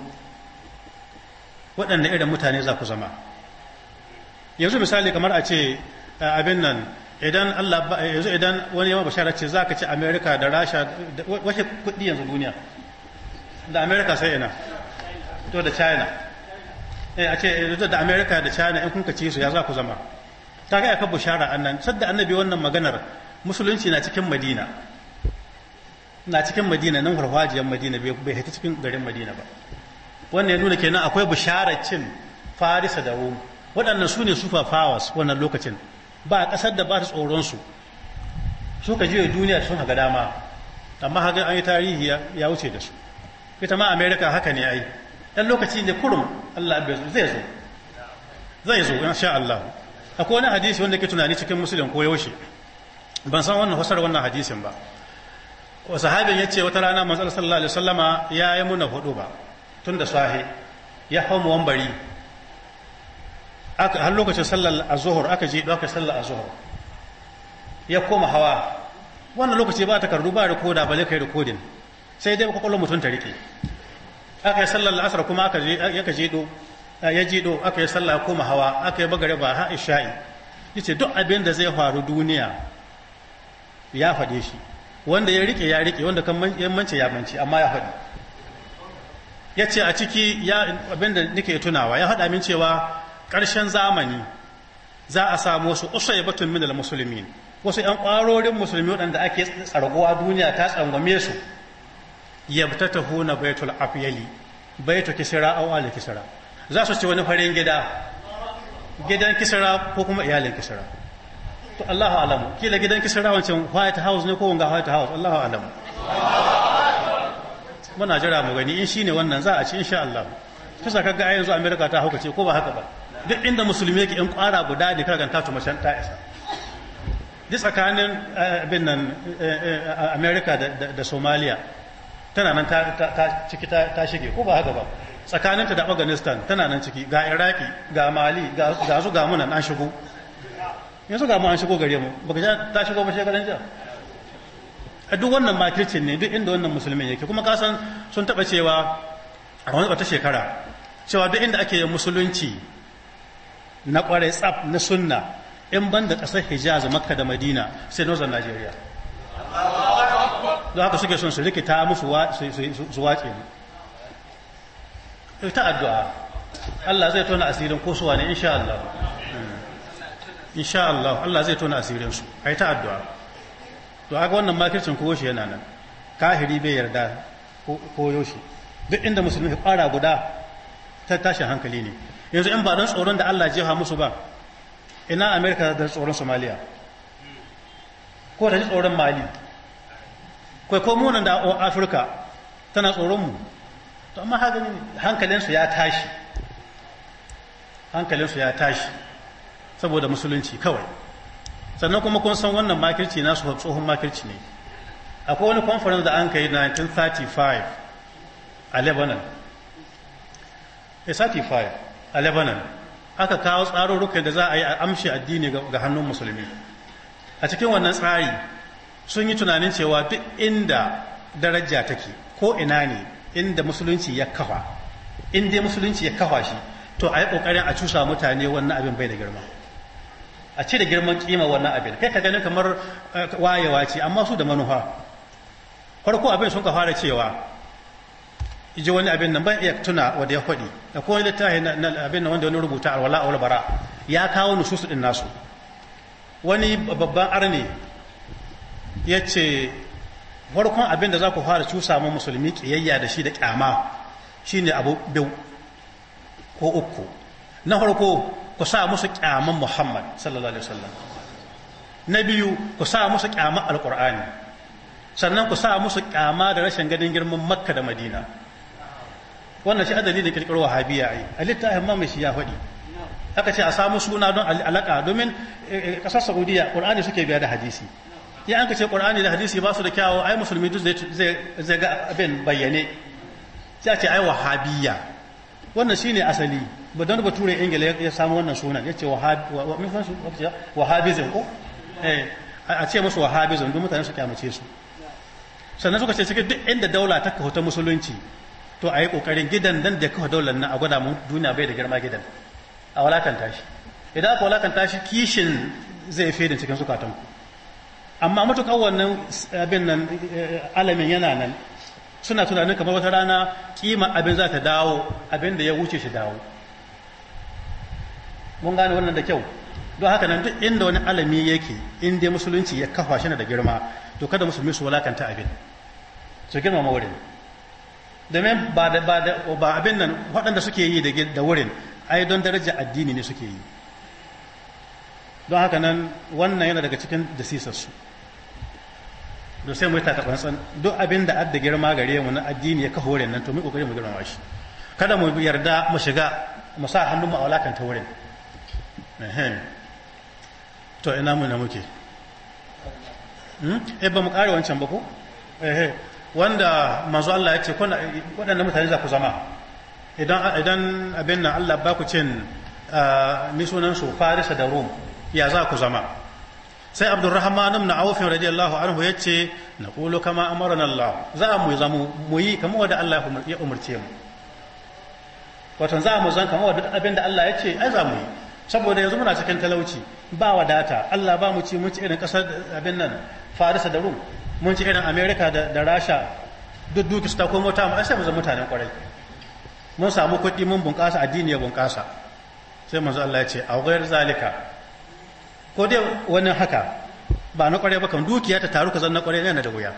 Waɗanda irin mutane za ku zama yanzu misali kamar a ce abin nan idan Allah yanzu idan wani yawan bashara ce za ka ci Amerika da Rasha wace kuɗi yanzu duniya da Amerika sai ina to da China eh a ce yanzu eh, da Amerika da China in kun ka ci su ya za ku zama ta ga aka bashara annan sadda annabi wannan maganar musulunci na cikin Madina na cikin Madina nan farfajiyar Madina bai haita cikin garin Madina ba wannan ya nuna kenan akwai bisharar cin Farisa da Rome waɗannan su ne super powers wannan lokacin ba ƙasar da ba ta tsoronsu suka juya duniya sun haga dama amma haga an yi tarihi ya wuce da su ita ma america haka ne ai dan lokaci ne kurum allah abu zai zo zai zo in sha allah akwai wani hadisi wanda ke tunani cikin musulun ko yaushe ban san wannan husar wannan hadisin ba sahabin ya ce wata rana manzon sallallahu alaihi ya yi muna hudu ba tun da sahi ya hau mu wambari. har lokacin sallar azuhur aka je ɗauka sallar azuhur ya koma hawa wannan lokaci ba takardu ba rikoda ba kai rikodin sai dai kwakwalwar mutum ta rike aka yi sallar asar kuma aka je do ya je ɗo aka yi sallar koma hawa aka yi bagare ba har isha'i ce duk abin da zai faru duniya ya faɗe shi wanda ya rike ya rike wanda kan mance ya mance amma ya faɗi ya ce a ciki abin da nake tunawa ya haɗa min cewa ƙarshen zamani za a samu wasu batun minal musulmin wasu ƴan ƙwarorin musulmi waɗanda ake tsarguwa duniya ta tsangwame su huna baitul afiyali baitu kisira a al kisira za su ci wani farin gida gidan kisira ko kuma iyalin kisira to Allahu alamu kila gidan kisira wancan white house ne ko wanga white house Allahu alamu muna jira mu gani in shine wannan za a ci insha Allah kisa kaga yanzu America ta hukace ko ba haka ba duk inda musulmi yake in kwara guda ne kaga ta tuma shan ta isa duk tsakanin eh, abin nan eh, eh, america da somalia tana nan ta ciki ta shige ko ba haka ba tsakaninta da afghanistan tana nan ciki ga iraki ga mali ga su ga munan an shigo yanzu ga mu an shigo gare mu baka ta shigo ba shekaran jiya a duk wannan makircin ne duk inda wannan musulmin yake kuma kasan sun taba cewa a wani wata shekara cewa duk inda ake musulunci na kwarai tsaf na sunna in ban da ƙasar hijaz makka da madina sai northern nigeria don haka suke sun su rikita musu su wace ne ta addu'a Allah zai tona asirin ko suwa ne insha Allah hmm. insha Allah Allah zai tona asirin su yi ta addu'a to haka wannan makircin ko shi yana nan kahiri bai yarda ko yoshi duk inda musulmi fara guda ta tashin hankali ne yanzu in ba don tsoron da Allah jefa musu ba ina amerika da tsoron somaliya ko ta ji tsoron mali kai ko munan da afirka tana tsoronmu to amma hankalinsu ya tashi hankalinsu ya tashi saboda musulunci kawai sannan kuma kun san wannan makirci nasu tsohon makirci ne akwai wani conference da an kai 1935 a lebanon 35 eh, a lebanon aka kawo tsarurrukan da za a yi a amshi addini ga hannun musulmi a cikin wannan tsari sun yi tunanin cewa duk inda daraja take ko ina ne inda musulunci ya kafa in musulunci ya kafa shi to a yi ƙoƙarin a cusa mutane wannan abin bai da girma a ce da girman kima wannan abin kai ka gani kamar eh, wayewa ce amma su da manufa farko abin sun ka fara cewa ji wani abin nan ban iya tuna wanda ya faɗi ko wani littafi na abin nan wanda wani rubuta alwala a bara ya kawo nususu ɗin nasu wani babban arni ya ce farkon abin da za ku fara cusa ma musulmi ƙiyayya da shi da ƙyama shine abu biyu ko uku na farko ku sa musu ƙyaman muhammad sallallahu alaihi wasallam na biyu ku sa musu ƙyaman alƙur'ani sannan ku sa musu ƙyama da rashin ganin girman makka da madina wannan shi adali ne kirkiro wahabiya ai a littafin ma mai shi ya faɗi aka ce a samu suna don alaka domin eh, eh, ƙasar saudiya ƙur'ani suke biya da hadisi ya an ka ce ƙur'ani da hadisi ba su da kyawo ai musulmi duk zai ga abin bayyane sai a ce ai wahabiya wannan shine asali ba don ba bature ingila ya samu wannan sunan ya ce wahabizm ko eh, a ce musu wahabizm don mutane su kyamace su sannan suka ce cikin duk inda daula ta kahuta musulunci to a yi ƙoƙarin gidan nan da kafa daular nan a gwada mu duniya bai da girma gidan a walakanta shi idan aka walakanta shi kishin zai fi cikin ku amma matukan wannan abin nan eh, alamin yana nan suna tunanin kamar wata rana kima abin za ta dawo abin da ya wuce shi dawo mun gane wannan da kyau don haka nan duk inda wani alami yake inda dai musulunci ya kafa shi da girma to kada musulmi su walakanta abin su girma wurin domin ba da ba da ba abin nan waɗanda suke yi da wurin ai don daraja addini ne suke yi don haka nan wannan yana daga cikin dasisarsu da sai mu yi tsan duk abin da adda girma gare mu na addini ya kafa wurin nan to mu kokari mu girma shi kada mu yarda mu shiga mu sa hannun mu a walakanta wurin to ina mu na muke hmm? eh ba mu kare wancan ba ko wanda manzo Allah ya ce waɗannan mutane za ku zama idan abin nan Allah ba ku cin ah, sunan su Farisa da Rum ya za ku zama sai Abdurrahman ibn Auf radiyallahu anhu ya ce na qulu kama amarna Allah za mu zamu mu yi kamar wanda Allah ya umarce mu wato za mu zan kamar wanda abin da Allah ya ce ai za mu yi saboda yanzu muna cikin talauci ba wadata Allah ba mu ci mu ci irin kasar abin nan Farisa da Rum mun ci irin america da rasha duk duk su ta komo ta mu sai mu zama mutanen kwarai mun samu kuɗi mun bunƙasa addini ya bunƙasa sai manzo Allah ya ce a ghayr zalika ko dai wani haka ba na kwarai ba kan dukiya ta taru ka zan na kwarai yana da wuya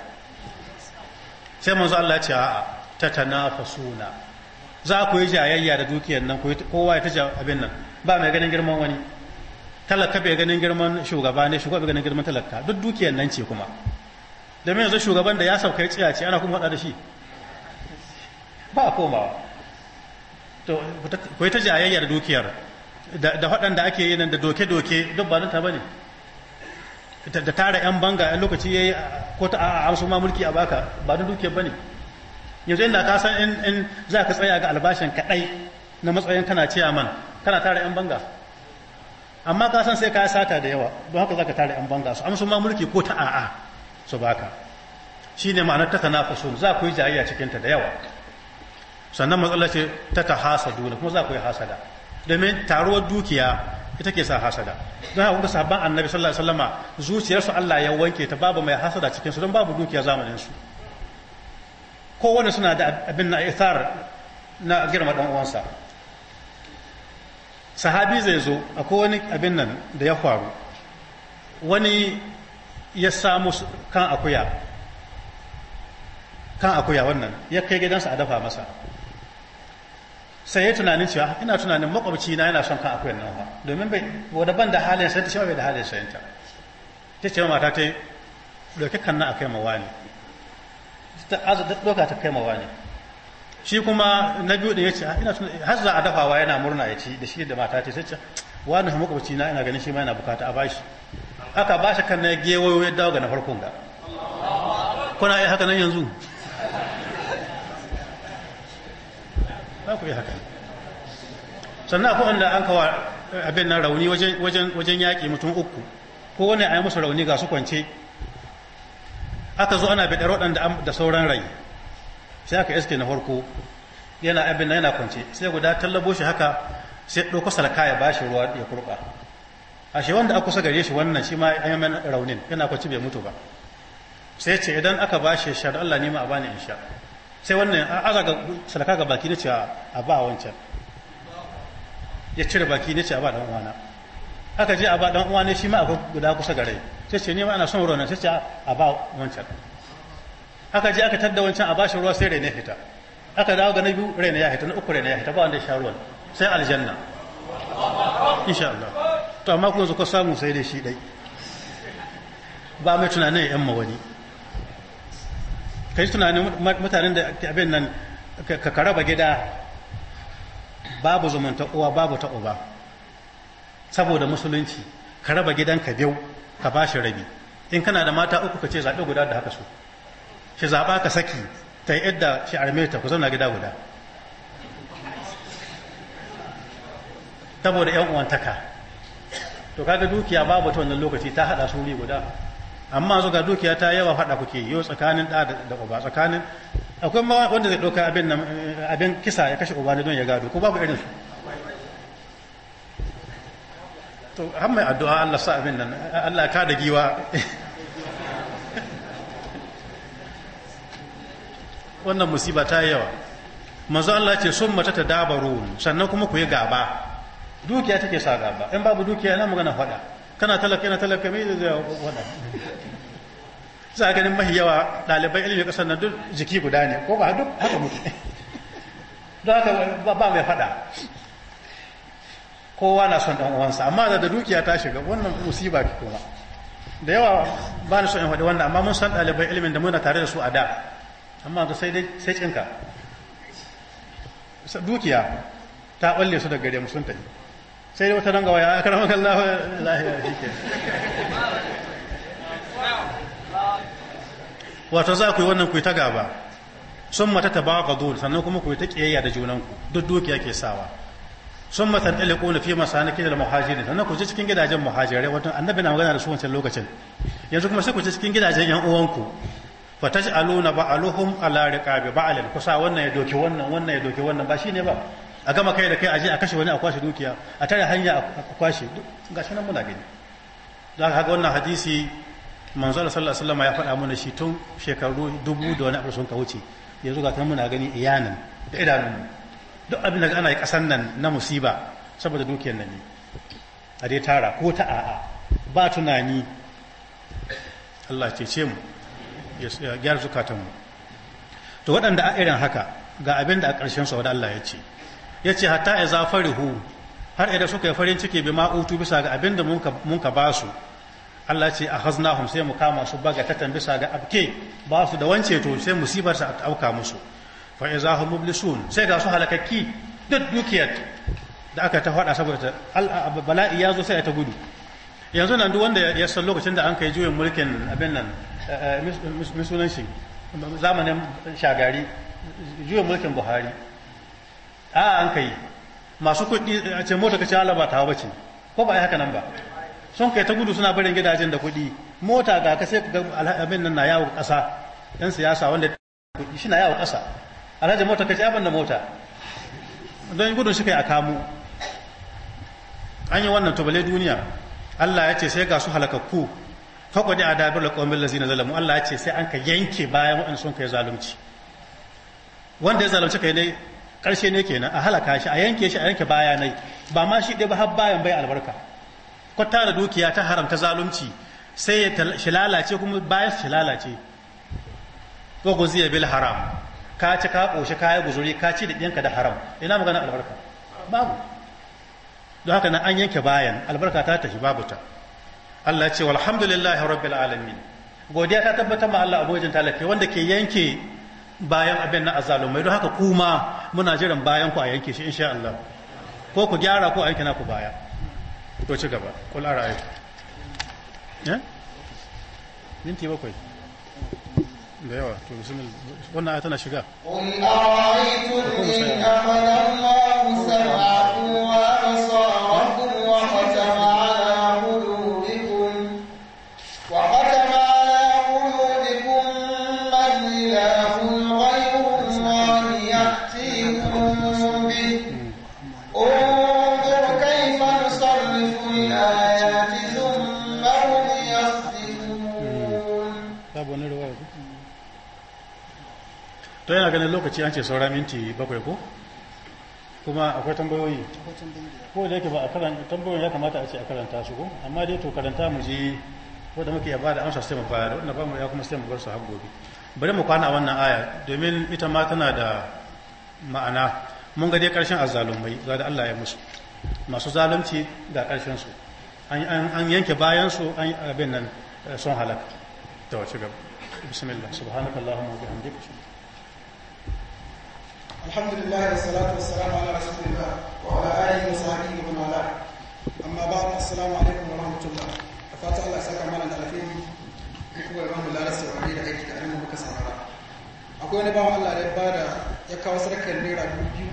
sai manzo Allah ya ce a'a tatanafasuna za ku yi jayayya da dukiyar nan kowa ya taja abin nan ba mai ganin girman wani talaka bai ganin girman shugaba ne shugaba bai ganin girman talaka duk dukiyar nan ce kuma mai yanzu shugaban da ya sauka ya ciyace ana kuma hada da shi ba a komawa to ku yi ta jayayyar dukiyar da waɗanda ake yi nan da doke-doke duk ba ta ba ne da tara 'yan banga 'yan lokaci ya yi ko ta a amsu ma mulki a baka ba da dukiyar ba ne yanzu inda ka san in za ka tsaya ga albashin kaɗai na matsayin kana ciya man kana tara 'yan banga amma ka san sai ka sata da yawa don haka za ka tara 'yan banga su amsu ma mulki ko ta a'a su baka shi ne ma'anar ta tanafusun za ku yi jayayya cikinta da yawa sannan matsalar ce ta ta hasadu kuma za ku yi hasada domin taruwar dukiya ita ke sa hasada don haka kuka sabon annabi sallallahu alaihi wasallama zuciyarsu Allah ya wanke ta babu mai hasada cikin su don babu dukiya zamanin su kowanne suna da abin na ithar na girma dan uwansa sahabi zai zo akwai wani abin nan da ya faru wani ya samu kan akuya kan akuya wannan ya kai gidansa a dafa masa sai ya tunanin cewa ina tunanin makwabci na yana son kan akuyan nan ba domin bai wadda ban da halin sayanta shi bai da halin sayanta ta ce mata ta dauki kan nan a kai mawa ne ta azuta doka ta kai mawa ne shi kuma na biyu da ya ce ah, ina tunanin har za a dafawa yana murna ya ci da shi da mata ta sai ce wani makwabci na ina ganin shi ma yana bukata a bashi aka ba shi kan na gewayo ya dawo ga na farkon ga kuna yi haka nan yanzu ba ku yi haka sannan akwai wanda an kawo abin nan rauni wajen yaƙi mutum uku ko wani a yi musu rauni ga su kwance aka zo ana biɗar waɗanda da sauran rai sai aka iske na farko yana abin nan yana kwance sai guda tallabo shi haka sai ɗauko salka ya bashi ruwa ya kurɓa ashe wanda aka kusa gare shi wannan shi ma ayyamin raunin yana kwaci bai mutu ba sai ce idan aka ba shi shar Allah ne ma a bani in sha sai wannan aka ga salaka ga baki nace a ba wancan ya cire baki nace a ba dan uwana aka je a ba dan uwana shi ma aka guda kusa gare sai ce ne ma ana son ruwan sai ce a ba wancan aka je aka tadda wancan a ba shi ruwa sai rai ne fita aka dawo ga na biyu rai ne ya fita na uku rai ne ya fita ba wanda ya sha ruwan sai aljanna insha Allah to amma kun zuka samu sai dai shi dai ba mai tunanin yan mawani kai tunanin mutanen da abin nan ka karaba gida babu zumunta uwa babu ta uba saboda musulunci ka raba gidanka biyu ka ba shi rabi in kana da mata uku ka ce zaɓe guda da haka so shi zaɓa ka saki ta yi yadda shi arme ta ku zauna gida guda saboda yan uwantaka to kaga dukiya babu ta wannan lokaci ta hada suri guda amma zo ga dukiya ta yawa hada kuke yau tsakanin da da uba tsakanin akwai ma wanda zai ɗauka abin nan eh, abin kisa ya kashe uba ne don ya gado ko babu irin su to har mai addu'a Allah sa abin nan Allah ka da giwa [laughs] wannan musiba ta yawa manzo Allah ce sun mata dabaru sannan kuma ku yi gaba dukiya take sa gaba in babu dukiya yana magana faɗa kana talaka yana talaka mai zai faɗa za a ganin mahi yawa ɗaliban ilimin ƙasar na duk jiki guda ne ko ba duk haka muke don haka ba mai faɗa kowa na son ɗan uwansa amma da dukiya ta shiga wannan musiba ki kuma da yawa ba ni son in faɗi wannan amma mun san ɗaliban ilimin da muna tare da su a da amma da sai sai cinka dukiya ta ɓalle su daga gare mu sun tafi sai wata don gawa ya karama [laughs] kalla lahiya shi ke wato za ku yi wannan ku yi ta gaba sun mata ta bawa gadul sannan kuma ku yi ta ƙiyayya da junanku duk dukiya ke sawa sun mata ɗale ƙona fi masu hannun kidan muhajirin sannan ku ji cikin gidajen mahajirai wato annabi na magana da su wancan lokacin yanzu kuma sai ku ji cikin gidajen yan uwanku fataj aluna ba'aluhum ala ba ba'alin kusa wannan ya doki wannan wannan ya doki wannan ba shi ne ba a gama kai da kai a kashe wani a kwashe dukiya a tare hanya a kwashe ga shi nan muna gani za ka haka wannan hadisi manzo da sallallahu alaihi ya faɗa mana shi tun shekaru dubu da wani abu sun ka wuce yanzu ga ta muna gani iyanan da idanun duk abin da ana yi kasan nan na musiba saboda dukiyar nan ne a dai tara ko ta a'a ba tunani Allah ce ce mu ya gyara zukatanmu to waɗanda a irin haka ga abin da a ƙarshen su wadda Allah ya ce ya ce hatta fari hu har idan suka yi farin ciki bi ma'utu bisa ga abin da mun ka ba su Allah ce a hun sai mu kama su baga tatan bisa ga abke ba su da wance to sai musibar sa auka musu fa iza hum mublisun sai ga su halakakki duk dukiyar da aka ta faɗa saboda bala'i ya zo sai ta gudu yanzu nan duk wanda ya san lokacin da an kai juyin mulkin abin nan eh, eh, misunan shi zamanin shagari juyin mulkin buhari a an kai masu kuɗi a ce mota kace Allah ba ta bace ko ba ai haka nan ba sun kai ta gudu suna barin gidajen da kuɗi mota ga ka sai ga abin nan na yawo ƙasa ɗan siyasa wanda kuɗi shi na yawo ƙasa alhaji mota kace abin da mota don gudun shi kai a kamu an yi wannan tubale duniya Allah ya ce sai ga su halakakku fakwadi a dabar da ƙwamil lazina zalamu Allah ya ce sai an ka yanke bayan waɗanda sun kai zalunci wanda ya zalunci kai ne Karshe ne kenan a halaka shi a yanke shi a yanke bayanai ba ma shi ɗaya ba har bayan bai albarka kwata da dukiya ta haramta zalunci sai ya shi lalace kuma bayan shi lalace ku guziya bil haram ka ci ka ƙoshi ka yi guzuri ka ci da ɗiyanka da haram ina magana albarka babu don haka nan an yanke bayan albarka ta tafi babu ta Allah ya ce walhamdulillahi rabbil alamin godiya ta tabbatar ma Allah abojin talafi wanda ke yanke bayan abin na azalumai don haka kuma muna jiran bayan ku a yanke shi insha Allah ko ku gyara ko aiki na ku baya to ci gaba kul ara eh minti bakwai da yawa to bismillah wannan ayata na shiga qul ara'aytum in amana Allahu sab'a ganin lokaci an ce saura minti bakwai ko kuma akwai tambayoyi ko da yake ba a karanta tambayoyin ya kamata a ce a karanta su ko amma dai to karanta mu je ko da muke ba da amsa sai mu fara wannan ba mu ya kuma sai mu bar su har gobe bari mu kwana a wannan aya domin ita ma tana da ma'ana mun ga dai karshen azzalumai za da Allah ya musu masu zalunci ga karshen su an yanke bayan su an abin nan eh, sun halaka to ci gaba bismillah subhanakallahumma wa bihamdika الحمد لله والصلاة da aiki da muka samara akwai wani Allah da ya bada ya kawo sarkar naira biyu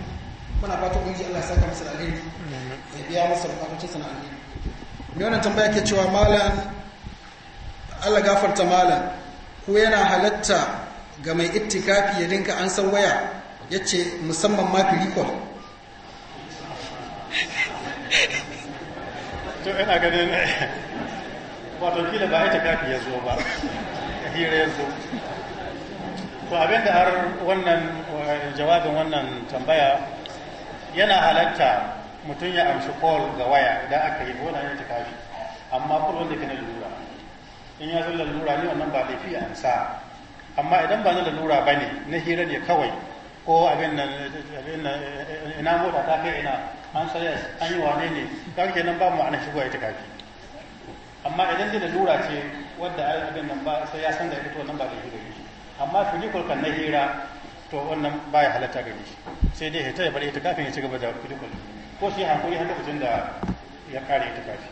muna Allah ya saka masa alheri ya biya masa bukatun sana alheri me wannan tambaya ke cewa malam Allah gafarta malam ko yana halatta ga mai ittikafi ya dinka an san waya ya ce musamman ma firikon to ina ganin eh, wato kila ba ita kafi ya zo ba hira ya zo to da har wannan eh, jawabin wannan tambaya yana halatta mutum ya amshi kol ga waya idan aka yi wani ya kafi amma call wanda ke na lura in ya zo lura, ne wannan ba laifi a amsa amma idan ba na lura ba ne na hira ne kawai ko abin nan ina mota ta kai ina an sai an yi wane ne kaga kenan ba mu ana shigo ita kafi amma idan da lura ce wadda abin nan ba sai ya san da ita wannan ba da hira shi amma filikul kan na hira to wannan ba ya halatta gare shi sai dai hita ya bar ita kafin ya ci gaba da filikul ko shi hankali har lokacin da ya kare ita kafi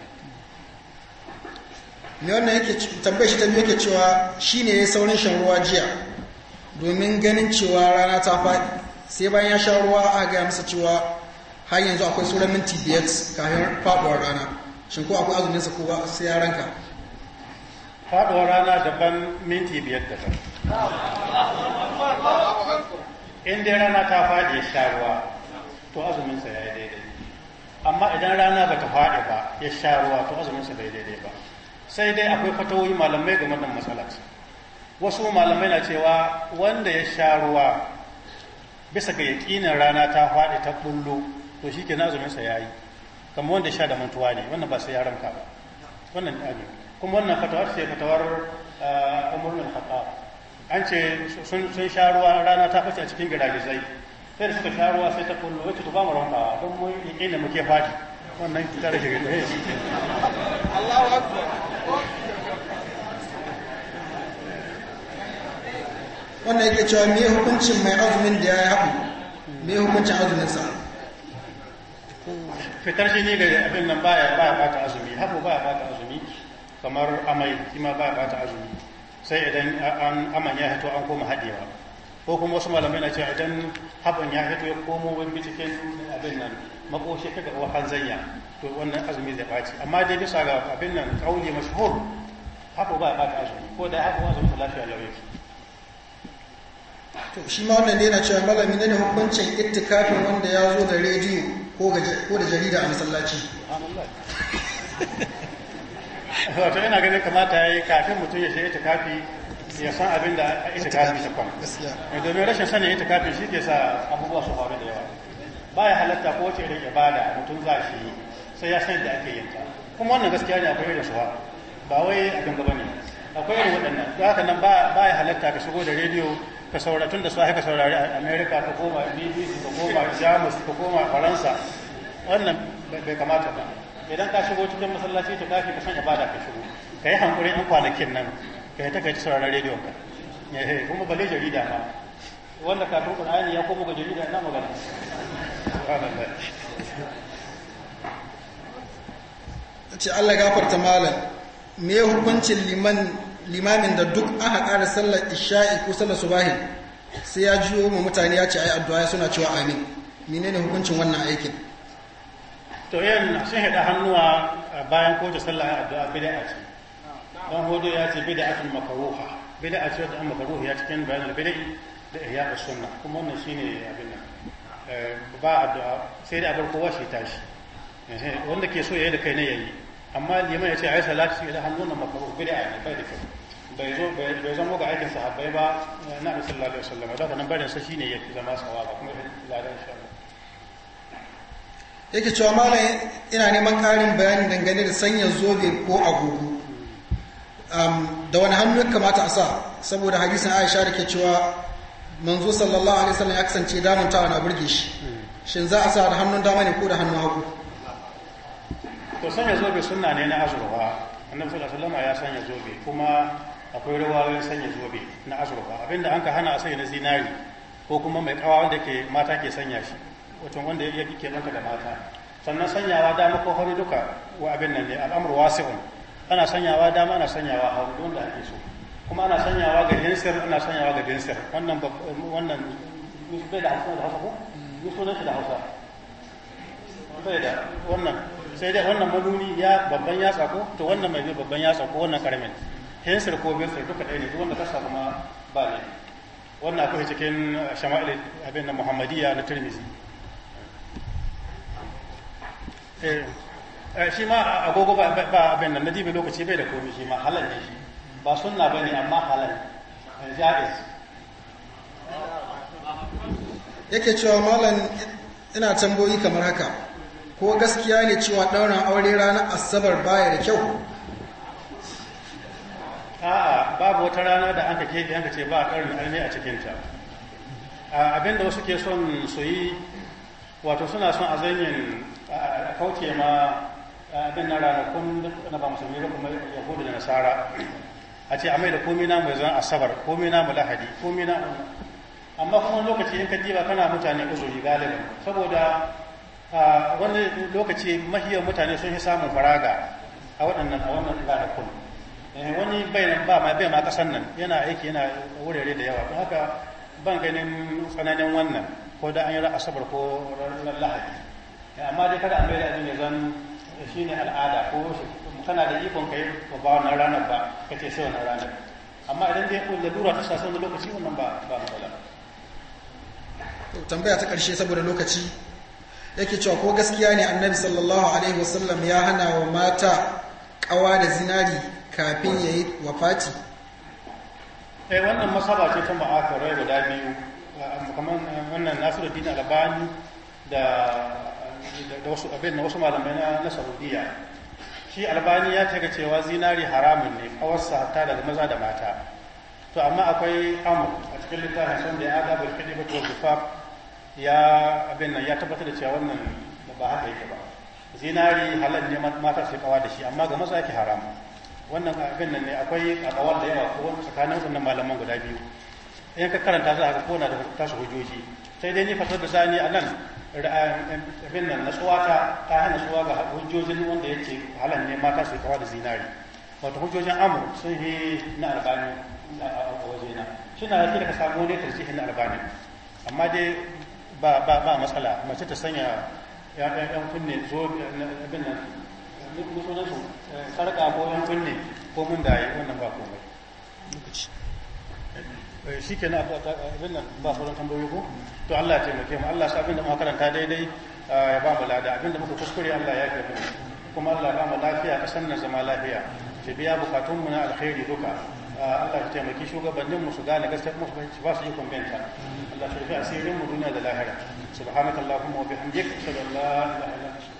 me wannan yake tambayar shi ta yake cewa shine saurin shan ruwa jiya domin ganin cewa rana ta faɗi sai bayan ya sha ruwa a gaya masa cewa har yanzu akwai tsoron minti biyar kafin faɗuwar rana shin ko akwai azumin sa ko ba sai ya ranka faɗuwar rana daban minti biyar da in dai rana ta faɗi ya sha ruwa to azumin sa yi daidai amma idan rana ba ta faɗi ba ya sha ruwa to azumin sa bai daidai ba sai dai akwai fatawoyi malamai game da matsalar wasu malamai na cewa wanda ya sha ruwa bisa ga yaƙinin rana ta faɗi ta ɓullo to shi ke nazuminsa ya yi kama wanda sha da mantuwa ne wannan ba sai ya ranka ba wannan ne kuma wannan fatawar ce fatawar ah, umurnin haƙa an ce sun sha ruwa rana ta fashe a cikin giragizai sai da suka sha ruwa sai ta ɓullo wacce ba mu ranka don mu yaƙinin muke faɗi wannan tare shi Allahu Akbar wannan yake cewa me hukuncin mai azumin da ya yi haku me hukuncin azumin sa fitar shi ne ga abin nan baya baya bata azumi haku baya bata azumi kamar amai kima baya bata azumi sai idan an aman ya hito an koma hadewa ko kuma wasu malamai na cewa idan haban ya hito ya komo wani cikin abin nan makoshi kaga wa zanya to wannan azumi zai baci amma dai bisa ga abin nan kauli mashhur haku baya bata azumi ko da haku azumi lafiya lafiya to shi ma wannan ne na cewa malami ne hukuncin ittikafin wanda ya zo da rediyo ko da jarida a masallaci [laughs] wato ina ganin kamata ya yi kafin mutum ya shiga ittikafi ya san abin da ittikafi ta kwan eh, domin rashin sanin itikafi shi ke sa abubuwa su faru da yawa ba ya halatta ko wace irin ibada mutum za shi sai ya san da ake yin ta kuma wannan gaskiya ne akwai irin suwa ba wai abin gaba ne akwai irin waɗannan don haka nan ba ya halatta ka shigo da rediyo ka saurari tun da su haka saurari america ka koma bbc ka koma jamus ka koma faransa wannan bai kamata ba idan ka shigo cikin masallaci to kafi ka san ibada ka shigo ka yi hankuri an kwanakin nan ka yi takaici sauraron rediyon ka eh, kuma bale jarida ma wanda ka tuku ya koma ga jarida na magana ce Allah gafarta malam me hukuncin liman limamin da duk aka ƙara sallar isha'i ko sallar subahi sai ya jiyo ma mutane ya ce ai addu'a ya suna cewa amin menene hukuncin wannan aikin to yan sun haɗa hannuwa bayan kowace sallah ya addu'a bid'a ce don hodo ya ce bid'atun makruha bid'a ce wadda an makruha ya cikin bayanan bid'i da ihya sunna kuma wannan shine abin nan eh, ba addu'a sai da abar kowa shi tashi eh, wanda ke so yayi da kai ne yayi amma liman ya ce ai salatu ila hannuna makruha bid'a ne bai da kyau bai zo bai zama ga aikin sahabbai ba eh, na bi sallallahu alaihi wasallam da kana barin sa shine yake zama sawa ba kuma ladan insha Allah yake cewa malam ina neman karin bayani dangane da sanya zobe ko agogo da wani hannu ya kamata a sa saboda hadisin Aisha da ke cewa manzo sallallahu alaihi wasallam ya kasance damun ta na burge shi shin za a sa da hannun dama ne ko da hannun hagu to sanya zobe sunna ne na azurwa annabi sallallahu alaihi wasallam ya sanya zobe kuma akwai rawayoyin sanya zobe na azurfa abinda an ka hana a sanya na zinari ko kuma mai kawa wanda ke mata ke sanya shi wato wanda ya ke ɗanka da mata sannan sanyawa dama ko hauri duka wa abin nan ne al'amur wasi'un ana sanyawa dama ana sanyawa hauri da ake so kuma ana sanyawa ga jinsir ana sanyawa ga jinsir wannan wannan bai da hausa da hausa ko da hausa bai da wannan sai dai wannan manuni ya babban yatsa ko to wannan mai babban yatsa ko wannan karamin hensar ko sai duka ɗaya ne duk wanda kasa kuma ba ne wannan akwai cikin eh, shama'il abin nan muhammadiyya na turmizi eh, eh, shi ma agogo ba abin nan na dibe lokaci bai da komi shi ma halal ne shi ba sunna ba ne amma halal ja'iz yake cewa malam ina tamboyi kamar haka ko gaskiya ne cewa ɗaurin aure ranar asabar baya da kyau a'a babu wata rana da anka keɓe anka ce ba a ƙarin almi a cikinta abin da wasu ke son su yi wato suna son a zanyin a kauce ma abin na ranakun na ba musulmi ba kuma yahudu da nasara a ce a mai da komi na mai zan asabar komi na lahadi komi na amma kuma lokaci in ka diba kana mutane uzuri galibin saboda wani lokaci mahiyar mutane sun yi samun faraga a waɗannan a wannan ranakun Eh, wani bai ba mai bai ma nan yana aiki yana wurare da yawa don haka ban ganin tsananin wannan ko da an yi asabar ko ranar lahadi eh, amma dai kada an bai da abin zan eh, shi ne al'ada ko kana da ikon kai ba ba wannan ranar ba ka ce sai wannan ranar amma idan dai kun lura ta sa lokaci wannan ba ba matsala tambaya ta karshe saboda lokaci yake cewa ko gaskiya ne annabi sallallahu alaihi wasallam ya hana wa mata kawa da zinari kafin ya yi wafati eh wannan masaba ce ta ma'akarai guda biyu kamar eh, wannan da dina albani da da wasu abin wasu malamai na saudiya shi albani ya taga cewa zinari haramun ne kawarsa hatta daga maza da mata to amma akwai amur a cikin littafin sun da ya ga bulkidi ba to zufaf ya abin nan ya tabbatar da cewa wannan ba haka yake ba zinari halal ne mata su kawa da shi amma ga maza yake haramun wannan abin nan ne akwai akawar da yawa ko tsakanin wannan malaman guda biyu in ka karanta za ka kona da tasu hujjoji sai dai ni fasar da sani a nan abin nan natsuwa ta ta hana suwa ga hujjojin wanda ya ce halan ne mata su kawa da zinari wato hujjojin amur sun yi na albani a wajena suna da ka samu ne tarjihin na albani amma dai ba matsala mace ta sanya ya ɗan kunne zo abin nan sarka ko yan kunne ko mun da yi wannan ba komai eh, shi ke na abin nan ba sauran tambayoyi ko to Allah ya taimake mu Allah sa abin da muka karanta daidai ya ba mu lada abin da muka kuskure Allah ya karbi kuma Allah ya ba mu lafiya kasan nan zama lafiya ya biya bukatun mu na alkhairi duka Allah ya taimaki shugabannin mu su gane gaskiya kuma su ba su yi Allah ya asirin mu duniya da lahira subhanakallahumma wa bihamdika